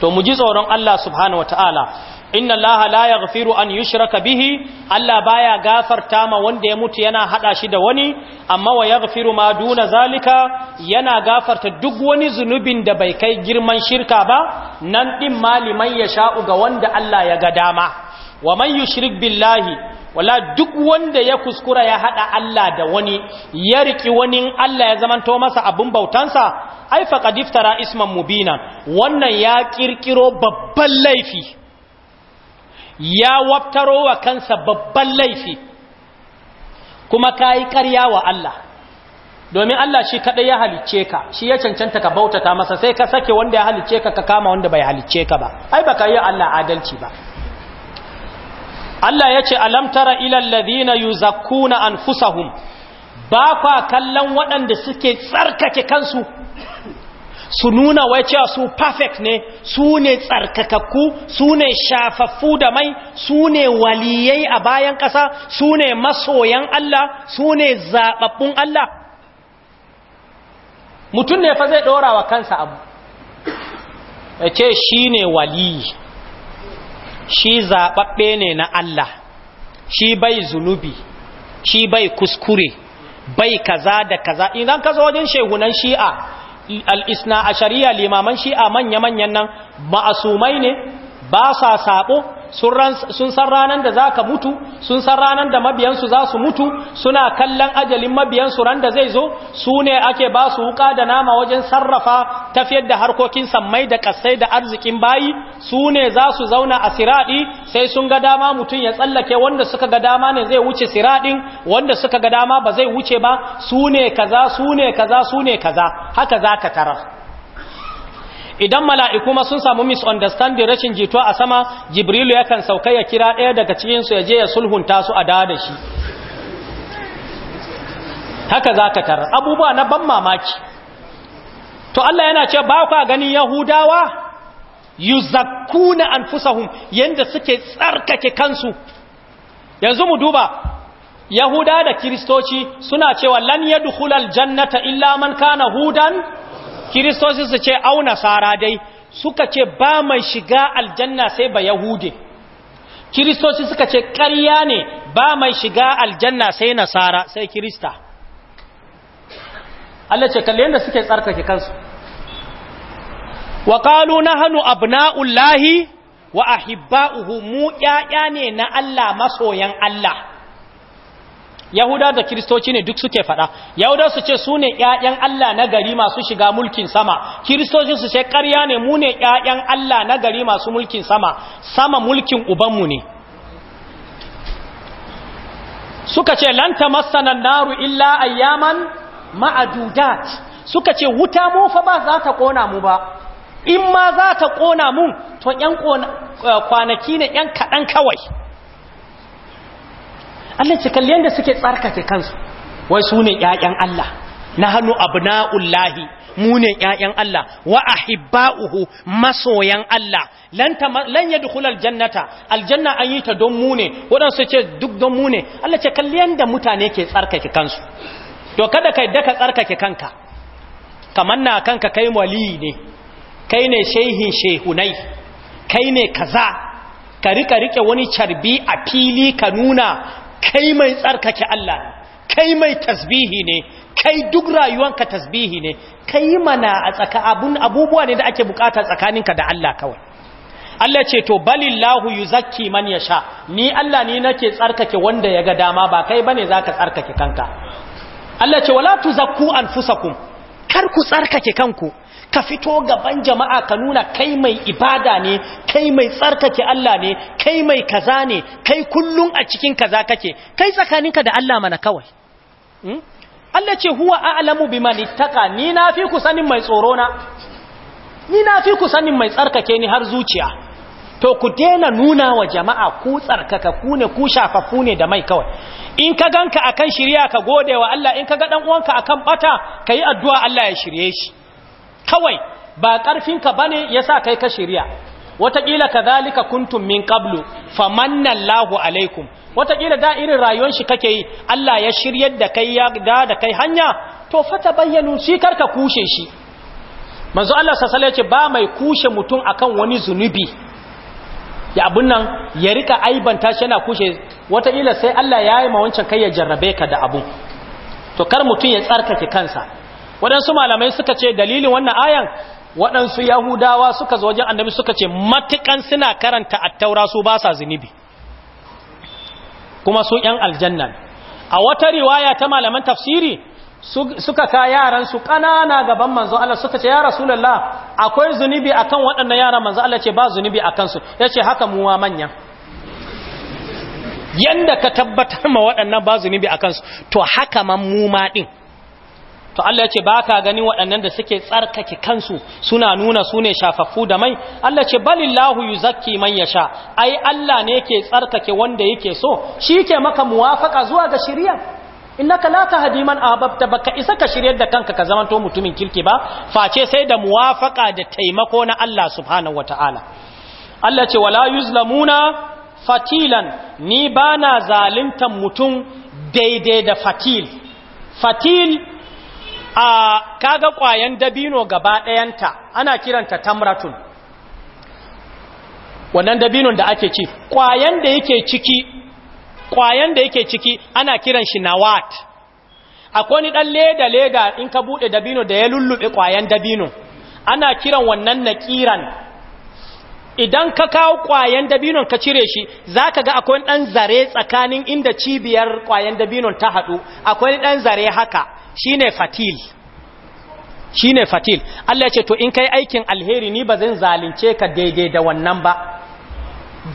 to mu ji tsoron Allah subhanahu wataala inna allaha la yaghfiru an yushraka bihi Allah baya gafarta ma wanda ya mutu yana hada shi da wani amma wa yaghfiru ma duna zalika yana gafarta duk wani zunubin da bai kai girman shirka ba nan din malimai ya sha'u ga wanda Allah ya ga dama wa man yushrik billahi wala duk wanda ya kuskura ya hada Allah da wani ya riki wani Allah ya zamanto masa abun bautansa ai faqad iftara isman mubina wannan ya kirkiro babban laifi ya wabtaro wa kansa babban laifi kuma kai ƙarya wa Allah domin Allah shi kadai ya halicce ka shi ya cancanta ka bautata masa sai ka sake wanda ya halicce ka ka kama wanda bai halicce ka ba ai baka yi Allah adalci ba Allah ya ce alamtara ilal ladina yuzakkuna anfusahum ba kwa kallon waɗanda suke tsarkake kansu su nuna wai cewa su perfect ne su ne tsarkakakku su ne shafaffu da mai su ne waliyai a bayan ƙasa su ne masoyan Allah su ne zaɓaɓɓun Allah mutum ne fa zai ɗora wa kansa abu ya ce shi ne waliyi shi zaɓaɓɓe ne na Allah shi bai zunubi shi bai kuskure bai kaza da kaza idan ka zo wajen shehunan shi'a al'isna a shari'a limaman shi'a manya-manyan nan ma'asumai ne ba sa saɓo sun san ranar da za ka mutu sun san ranar da mabiyansu za su mutu suna kallon ajalin mabiyansu ran da zai zo su ne ake ba su wuka da nama wajen sarrafa tafiyar da harkokin sammai da kasai da arzikin bayi su ne za su zauna a siraɗi sai sun ga dama mutum ya tsallake wanda suka ga dama ne zai wuce siraɗin wanda suka ga dama ba zai wuce ba su ne kaza su ne kaza su ne kaza haka za ka tarar idan mala'iku ma sun samu misunderstanding rashin jituwa a sama jibrilu yakan sauka ya kira ɗaya daga cikinsu ya je ya sulhunta su a da shi haka za ka abubuwa na ban mamaki to Allah yana ce ba kwa ganin yahudawa yuzakkuna anfusahum yanda suke tsarkake kansu yanzu mu duba yahuda da kiristoci suna cewa lan hulal jannata illa man kana hudan kiristoci su ce au nasara dai suka ce ba mai shiga aljanna sai ba yahude kiristoci suka ce karya ne ba mai shiga aljanna sai nasara sai kirista Allah ce kalli yadda suke tsarkake kansu wa na abu na'ullahi wa ahibba'uhu mu ƴaƴa ne na Allah masoyan Allah yahuda da kiristoci ne duk suke faɗa yahuda su ce su ne ƴaƴan Allah na gari masu shiga mulkin sama kiristoci su ce ƙarya ne mu ne ƴaƴan Allah na gari masu mulkin sama sama mulkin ubanmu ne suka ce lan tamassana naru illa ayyaman ma'adudat suka ce wuta mu fa ba za ta kona mu ba in ma za ta kona mun to ƴan kwanaki ne ƴan kaɗan kawai Allah ce kalli yanda suke tsarkake kansu wai su ne ƴaƴan Allah Na abna'ullahi mu ne ƴaƴan Allah wa ahibba'uhu masoyan Allah lan lan yadkhulal jannata aljanna an yi ta don mu ne wadansu ce duk don mu ne Allah ce kalli yanda mutane ke tsarkake kansu to kada kai daka tsarkake kanka kaman na kanka kai wali ne kai ne shehin shehunai kai ne kaza ka rika rike wani carbi a fili ka nuna kai mai tsarkake Allah ne kai mai tasbihi ne kai duk rayuwanka tasbihi ne kai mana a tsaka abun abubuwa ne da ake bukata tsakaninka da Allah kawai Allah ce to balillahu yuzakki man yasha ni Allah ne nake tsarkake wanda ya ga dama ba kai bane zaka tsarkake kanka Allah ce wala tuzakku anfusakum kar ku tsarkake kanku ka fito gaban jama'a ka nuna kai mai ibada ne kai mai tsarkake Allah ne kai mai kaza ne kai kullun a cikin kaza kake kai tsakaninka da Allah mana kawai hmm? Allah ce huwa a'lamu biman ittaka ni na fi ku sanin mai tsoro na ni na fi ku sanin mai tsarkake ni har zuciya to ku daina nuna wa jama'a ku tsarkaka ku ne ku shafafu ne da mai kawai in ka ganka akan shiriya ka gode wa Allah in ka ga dan uwanka akan bata kai addu'a Allah ya shirye shi kawai ba ƙarfinka ba ne ya sa kai ka shirya wataƙila ka zalika kuntun min qablu lahu alaikum wataƙila da irin rayuwar shi kake yi Allah ya shiryar da kai ya da da kai hanya to fata bayyanu shi karka kushe shi manzo Allah sallallahu alaihi ba mai kushe mutum akan wani zunubi ya abun nan ya rika aibanta shi yana kushe wataƙila sai Allah ya yi ma wancan kai ya jarrabe ka da abu. to kar mutum ya tsarkake kansa waɗansu malamai suka ce dalilin wannan ayan waɗansu yahudawa suka zo wajen annabi suka ce matukan suna karanta attaura su ba sa zunubi kuma su ‘yan aljanna a wata riwaya ta malaman tafsiri suka ka yaran su ƙanana gaban manzo Allah suka ce ya rasulullah akwai zunubi akan waɗannan yaran manzo Allah ce ba zunubi akan su yace haka muwa manya. yanda ka tabbatar ma waɗannan ba zunubi akan su to haka man mu ma din to Allah ya ce ba ka gani waɗannan da suke tsarkake kansu suna nuna su ne shafaffu da mai Allah ce balillahu yuzakki man sha. ai Allah ne yake tsarkake wanda yake so shi ke maka muwafaka zuwa ga shirya innaka la tahdi man ahbabta baka isa ka shiryar da kanka ka zamanto mutumin kirki ba face sai da muwafaka da taimako na Allah subhanahu wataala Allah ce wala yuzlamuna fatilan ni bana zaluntan mutum daidai da fatil fatil a kaga kwayan dabino gaba ɗayanta ana kiranta tamratun wannan dabinon da ake ci ƙwayan da yake ciki kwayan da yake ciki ana kiran shi nawat akwai ni ɗan leda-leda in ka buɗe dabino da ya lullube kwayan dabino ana kiran wannan na kiran idan ka kawo kwayan dabinon ka cire shi za ka ga akwai ɗan zare tsakanin inda cibiyar kwayan dabinon ta haɗu akwai ɗan zare haka shine fatil shine fatil Allah ya ce to in kai aikin alheri ni ba zan zalunce ka daidai da wannan ba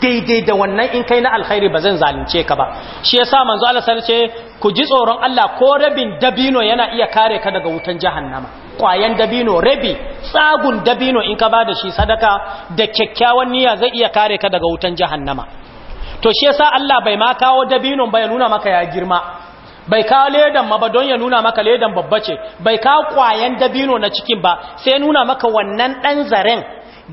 daidai da wannan in kai na alheri ba zan zalunce ka ba shi yasa manzo Allah sai ce ku ji tsoron Allah ko rabin dabino yana iya kare ka daga wutan jahannama kwayan dabino rabi tsagun dabino in ka bada shi sadaka da kyakkyawan niyya zai iya kare ka daga wutan jahannama to shi yasa Allah bai ma kawo dabinon ba ya nuna maka ya girma bai ka ledan ma ba don ya nuna maka ledan babba ce bai ka kwayan dabino na cikin ba sai nuna maka wannan ɗan zaren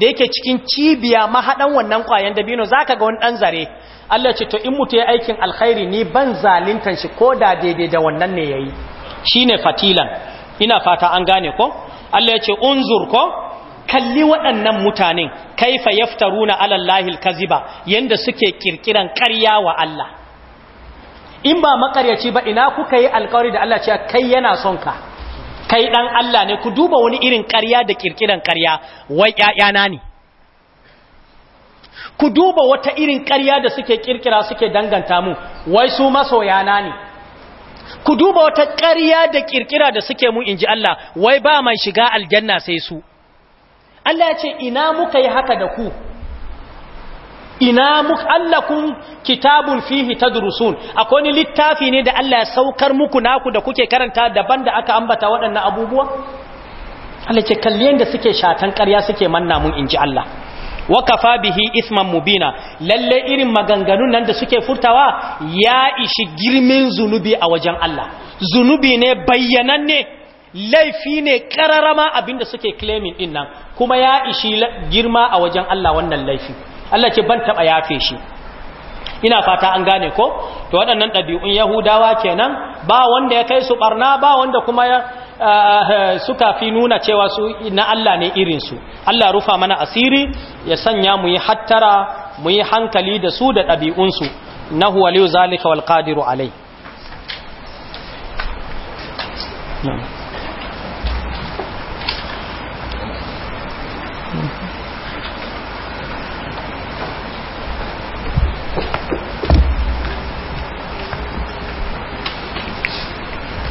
da yake cikin cibiya mahaɗan wannan kwayan dabino za ka ga wani ɗan zare Allah ce to in mutu ya aikin alkhairi ni ban zalintan shi ko da daidai da wannan ne ya yi shi ne fatilan ina fata an gane ko Allah ya ce unzur ko kalli waɗannan mutanen kaifa yaftaruna alallahi alkaziba yanda suke kirkiran ƙarya wa Allah in ba makaryaci ba ina kuka yi alkawari da Allah cewa kai yana son ka kai dan Allah ne ku duba wani irin ƙarya da kirkiran ƙarya wai ƴaƴana ne ku duba wata irin ƙarya da suke kirkira suke danganta mu wai su masoya na ne ku duba wata ƙarya da kirkira da suke mu inji Allah wai ba mai shiga aljanna sai su Allah ya ce ina muka yi haka da ku ina muku allakun kitabun fihi durusun akwai ni littafi ne da Allah ya saukar muku naku da kuke karanta daban da aka ambata waɗannan abubuwa Allah ce kalliyan da suke shatan ƙarya suke manna mun inji Allah wa kafa bihi isman mubina lalle irin maganganun nan da suke furtawa ya ishi girmin zunubi a wajen Allah zunubi ne bayyananne laifi ne kararama abinda suke claiming din nan kuma ya ishi girma a wajen Allah wannan laifi Allah ce ban taɓa yafe shi ina fata an gane ko to waɗannan ɗabi'un yahudawa kenan ba wanda ya kai su barna ba wanda kuma ya eh, eh, suka fi nuna cewa su na Allah ne irinsu Allah rufa mana asiri ya sanya mu yi hattara mu yi hankali da su da ɗabi'unsu na huwaliyu zalika wal qadiru alai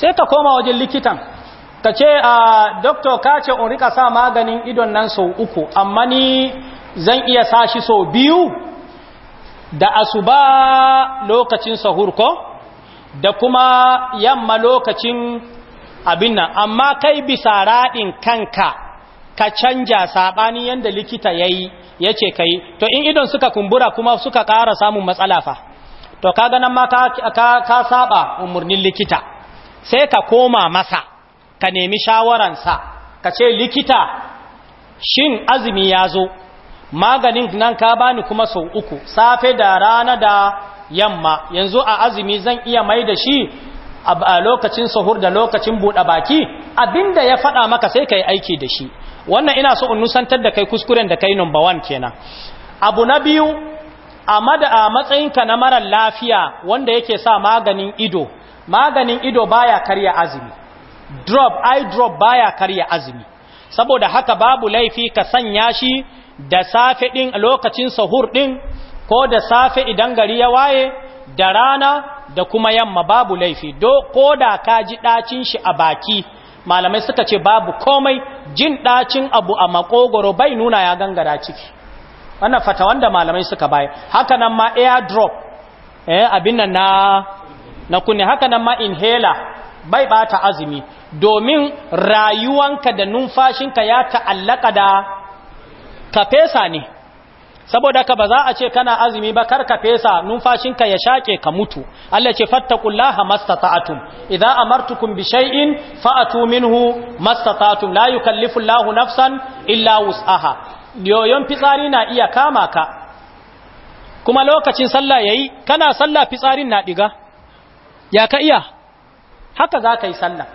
sai ka koma wajen likitan ka ce a doktor ka ce in rika sa maganin idon nan sau uku amma ni zan iya sa shi sau biyu da asuba lokacin sahur da kuma yamma lokacin abin nan amma kai bisa raɗin kanka ka canja saɓani yadda likita ya yi ya ce ka yi to in idon suka kumbura kuma suka ƙara samun matsala fa to ka ganin ma ka saɓa umarnin likita sai ka koma masa ka nemi shawaransa ka ce likita shin azumi ya zo maganin nan ka bani kuma sau uku safe da rana da yamma yanzu a azumi zan iya mai da shi a lokacin sahur da lokacin buɗe baki abinda ya faɗa maka sai ka yi aiki da shi wannan ina so in nusantar da kai kuskuren da kai number one kenan abu na biyu a matsayinka na marar lafiya wanda yake sa maganin ido maganin ido baya karya azumi drop eye drop baya karya azumi saboda haka babu laifi ka sanya shi da safe din lokacin sahur din ko da safe idan gari ya waye da rana da kuma yamma babu laifi do ko da ka ji ɗacin shi a baki malamai suka ce babu komai jin ɗacin abu a makogoro bai nuna ya gangara ciki wannan fata wanda malamai suka baya haka nan ma air drop. eh abin nan na na ne haka nan ma inhaler bai bata azumi domin rayuwanka da numfashinka ya ta'allaka da ka fesa ne saboda ka ba za a ce kana azumi ba kar ka fesa numfashinka ya shake ka mutu Allah ce fattaqullaha a idza amartukum bi shay'in fa'atu minhu mastata'tum la yukallifu Allahu nafsan illa wus'aha yoyon fitsari na iya kama ka kuma lokacin sallah yayi kana sallah fitsarin na diga ya ka iya haka za ka yi sallah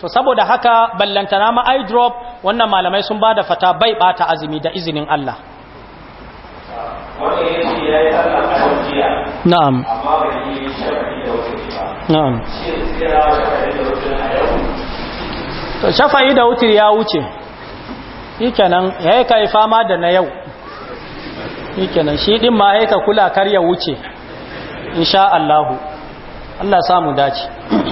to saboda haka ballantana ma eye drop wannan malamai sun ba da fata bai bata azumi da izinin Allah na'am na'am to shafa'i da wutir ya wuce shikenan yayi kai fama da na yau shikenan shi din ma yayi ka kula kar ya wuce insha allahu Allah samu dace hmm.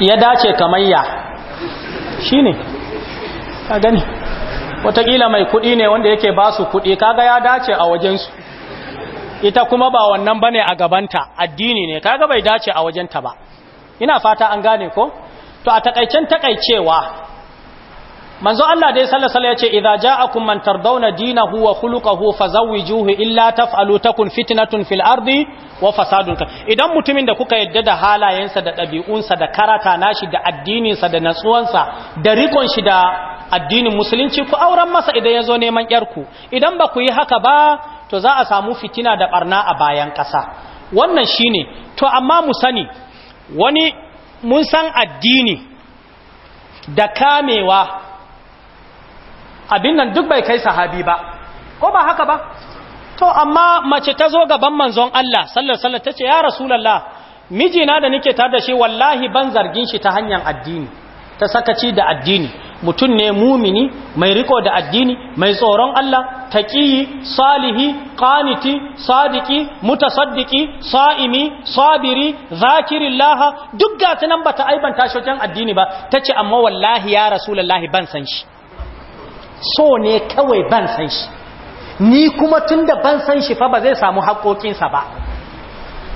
ya dace kamayya ne. A gani watakila mai kudi ne wanda yake ba su kudi kaga ya dace a wajensu ita kuma ba wannan bane a gabanta addini ne kaga bai dace a wajenta ba ina fata an gane ko to a takaicen takaicewa manzo Allah dai sallallahu alaihi ce idza ja'akum man tardawna dinahu wa khuluquhu fazawwijuhu illa taf'alu takun fitnatun fil ardi wa fasadun idan mutumin da kuka yadda da halayensa da ɗabi'unsa da karata nashi da addininsa da natsuwansa da rikon shi da addinin musulunci ku auren masa idan ya zo neman yarku idan ba ku yi haka ba to za a samu fitina da barna a bayan ƙasa wannan shine to amma mu sani wani mun san addini da kamewa abin nan duk bai kai sahabi ba ko ba haka ba to amma mace ta zo gaban manzon Allah sallallahu alaihi wasallam ce ya rasulullah mijina da nake tare da shi wallahi ban zargin shi ta hanyar addini ta sakaci da addini mutum ne mumini mai riko da addini mai tsoron Allah taqiyi salihi qaniti sadiki mutasaddiki sa'imi sabiri zakirillah duk ga nan bata aibanta shi wajen addini ba Ta ce amma wallahi ya rasulullahi ban san shi so ne kawai ban san shi ni kuma tunda ban san shi fa ba zai samu haƙoƙinsa ba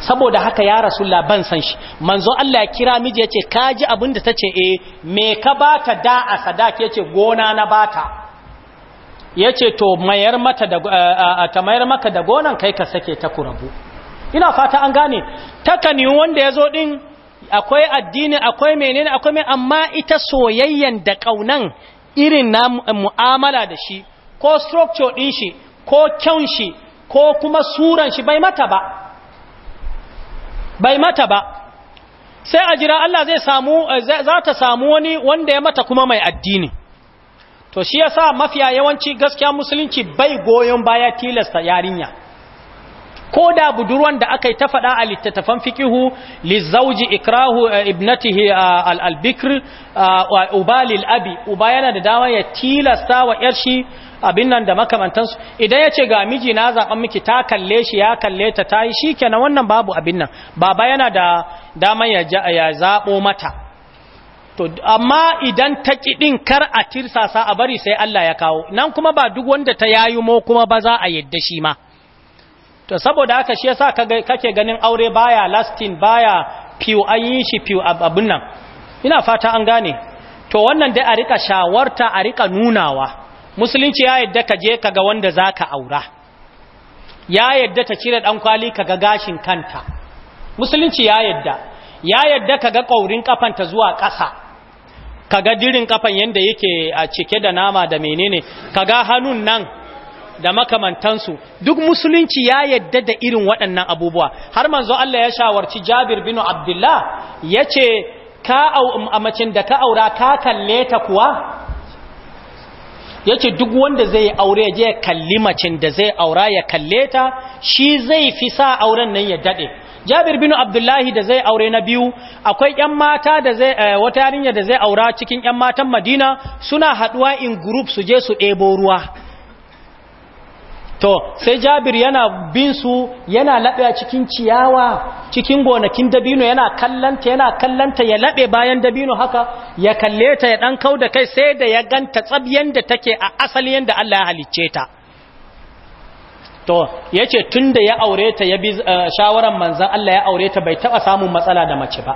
saboda haka ya rasulullah ban san shi manzo Allah ya kira miji yace kaji abinda tace eh me ka bata da a sadaki yace gona na bata ya ce to mayar mata da ta mayar maka da gonan kai ka sake ta kurabu ina fata an gane takani wanda ya zo din akwai addini akwai menene akwai mai amma ita soyayyen da kaunan irin na mu'amala da shi ko structure din shi ko kyan shi ko kuma suran shi bai mata ba bai mata ba sai a jira Allah zai samu eh, za ta samu wani wanda ya mata kuma mai addini to shi yasa mafiya yawanci gaskiya musulunci bai goyon baya tilasta yarinya ko da budurwan da aka yi ta faɗa a littattafan fikihu lizauji ikrahu eh, ibnatihi eh, al-albikr eh, uba abi uba yana da dama ya tilasta wa yar shi abin nan da makamantansu idan ya ce ga miji na zaɓen miki ta kalle shi ya kalle ta ta yi shi kenan wannan babu abin nan baba yana da dama ya zaɓo mata to amma idan ta kiɗin kar a tirsasa a bari sai Allah ya kawo nan kuma ba duk wanda ta yayi mo kuma ba za a yadda shi ma to saboda haka shi yasa kake ganin aure baya lasting baya fiw an yi shi fiw abun nan ina fata an gane to wannan dai a rika shawarta a rika nunawa musulunci ya yadda ka je kaga wanda zaka aura ya yadda ta cire dan kwali kaga gashin kanta musulunci ya yadda ya yadda kaga kaurin kafanta zuwa ƙasa kaga dirin kafan yanda yake a cike da nama da menene kaga hannun nan da makamantansu duk musulunci ya yadda da irin waɗannan abubuwa har manzo Allah ya shawarci Jabir bin Abdullah yace ka a da ka aura ka kalle ta kuwa yace duk wanda zai aure ya je ya kalli macin da zai aura ya kalle ta shi zai fi sa auren nan ya dade jabir bin abdullahi da zai aure na biyu akwai yan mata da zai eh, wata yarinya da zai aura cikin yan matan madina suna haduwa in group su je su ɗebo ruwa to sai jabir yana bin su yana laɓe cikin ciyawa cikin gonakin dabino yana kallanta yana kallanta ya laɓe bayan dabino haka ya kalle ta ya ɗan kau da kai sai da ya ganta tsab da take a asali yanda Allah ya halicce ta to yace tunda ya aure ta ya bi eh, shawaran manzon Allah ya aure ta bai taba samun matsala da mace ba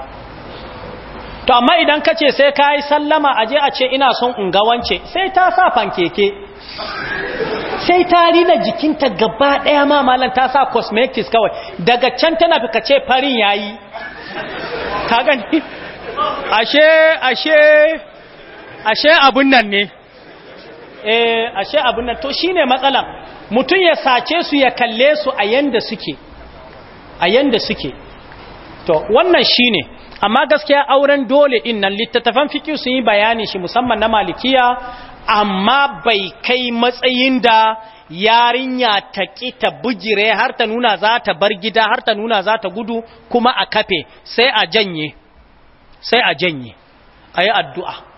to amma idan kace sai kai sallama aje a ce ina son in ga wance sai ta sa fankeke sai ta rina jikinta gaba daya ma malan ta sa cosmetics kawai daga can tana fi ce farin yayi ka gani ashe ashe ashe abun nan ne eh ashe abin nan to shine matsalan mutum ya sace su ya kalle su a yanda suke a yanda suke to wannan shine amma gaskiya auren dole din nan littattafan fiqh sun yi bayani shi musamman na malikiya amma bai kai matsayin da yarinya ta ƙi ta bujire har ta nuna za ta bar gida har ta nuna za ta gudu kuma a kafe sai a janye sai a janye a yi addu'a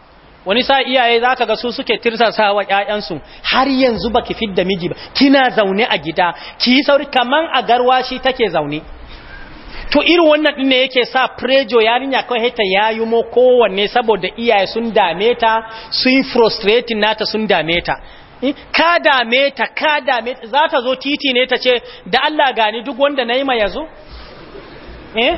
wani sa iyaye za ka ga su suke tirsasa wa ‘ya'yansu har yanzu ba ki da miji ba kina zaune a gida ki yi sauri kaman a garwa shi take zaune to irin wannan ɗin ne yake sa prejo yarinya kawai haita ya yi mo kowanne saboda iyaye sun dame ta sun frustrating nata sun dame ta eh, ka dame ta ka dame ta za ta zo titi ne ta ce da Allah gani duk wanda na yi ma yazo eh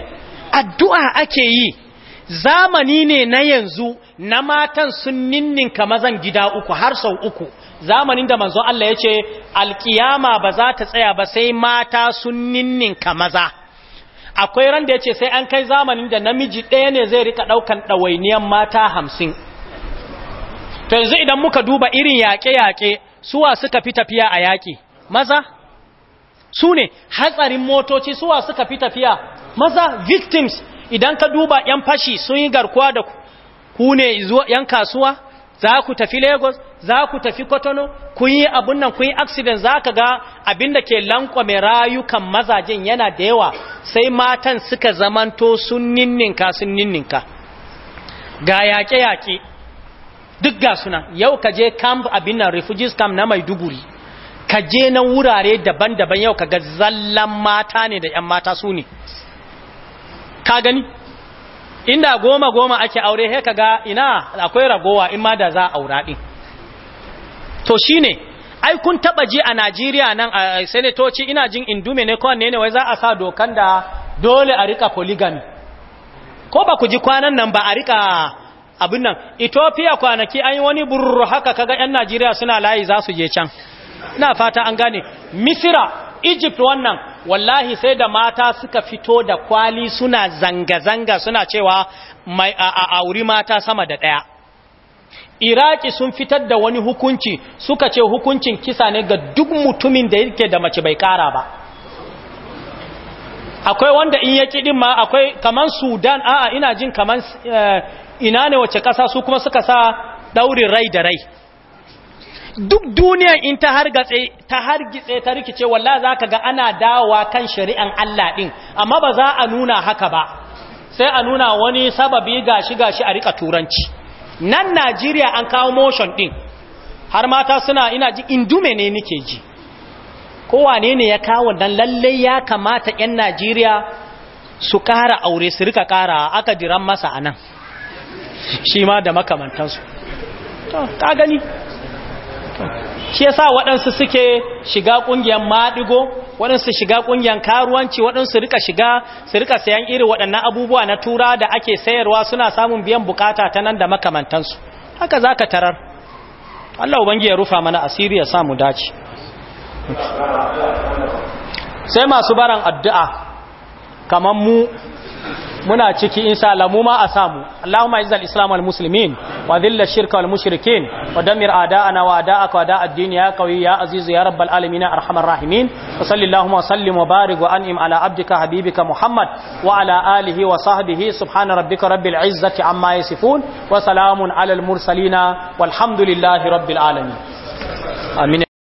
addu'a ake yi zamani ne na yanzu na matan sun ninninka mazan gida uku har sau uku zamanin da manzo Allah ya ce alkiyama ba za ta tsaya ba sai mata sun ninninka maza akwai ran da ya sai an kai zamanin da namiji ɗaya ne zai rika ɗaukan ɗawainiyar mata hamsin to yanzu idan muka duba irin yaƙe-yaƙe suwa suka fi tafiya a yaƙi maza su ne hatsarin motoci suwa suka fi tafiya maza victims idan ka duba yan fashi sun yi garkuwa da ku ne yan kasuwa za ku tafi lagos za ku tafi kotono kun yi abun nan kun yi accident za ka ga abinda ke lankwame rayukan mazajen yana da yawa sai matan suka zamanto sun ninninka sun ninninka ga yaƙe-yaƙe duk ga suna yau ka je camp abin nan refugees camp na maiduguri ka je na wurare daban-daban yau ka ga zallan mata ne da 'yan mata su ne ka gani inda goma goma ake aure he kaga ina akwai ragowa in ma da za a aura din to shine ai kun taɓa ji a Najeriya nan a senatoci ina jin indume ne ko ne ne wai za a sa dokan da dole a rika polygamy ko ba ku ji kwanan nan ba a rika abin nan Ethiopia kwanaki an yi wani burru haka kaga yan Najeriya suna layi za su je can ina fata an gane Misira Egypt wannan wallahi sai da mata suka fito da kwali suna zanga-zanga suna cewa a auri mata sama da ɗaya iraki sun fitar da wani hukunci suka ce hukuncin kisa ne ga duk mutumin da yake da mace bai kara ba akwai wanda in ya kiɗin ma akwai kaman sudan a'a ina jin kaman eh, ina ne wace ƙasa su kuma suka sa ɗaurin rai da rai duk duniya in ta ta hargitse ta rikice wallahi zaka ga ana dawowa kan shari'an Allah din amma ba za a nuna haka ba sai a nuna wani sababi gashi gashi a rika turanci nan Najeriya an kawo motion din har mata suna ina ji indume ne nake ji wane ne ya kawo dan lalle ya kamata yan Najeriya su kara aure su rika kara aka diran masa anan shi ma da makamantansu to ka gani shi yasa waɗansu suke shiga ƙungiyar maɗigo waɗansu shiga ƙungiyar karuwanci waɗansu rika shiga su rika sayan irin waɗannan abubuwa na tura da ake sayarwa suna samun biyan bukata ta nan da makamantansu haka zaka tarar Allah ubangi ya rufa mana asiri ya samu dace sai masu baran addu'a kamar mu muna ciki insha Allah mu ma a samu Allahumma izzal islam wal muslimin wa dhilla shirka wal mushrikin wa damir a'da'ana wa a'da'aka wa da'a ad-din ya qawi ya aziz ya rabbal alamin arhamar rahimin wa sallallahu wa sallim wa barik wa an'im ala abdika habibika muhammad wa ala alihi wa sahbihi subhana rabbika rabbil izzati amma yasifun wa salamun ala al walhamdulillahi rabbil alamin amin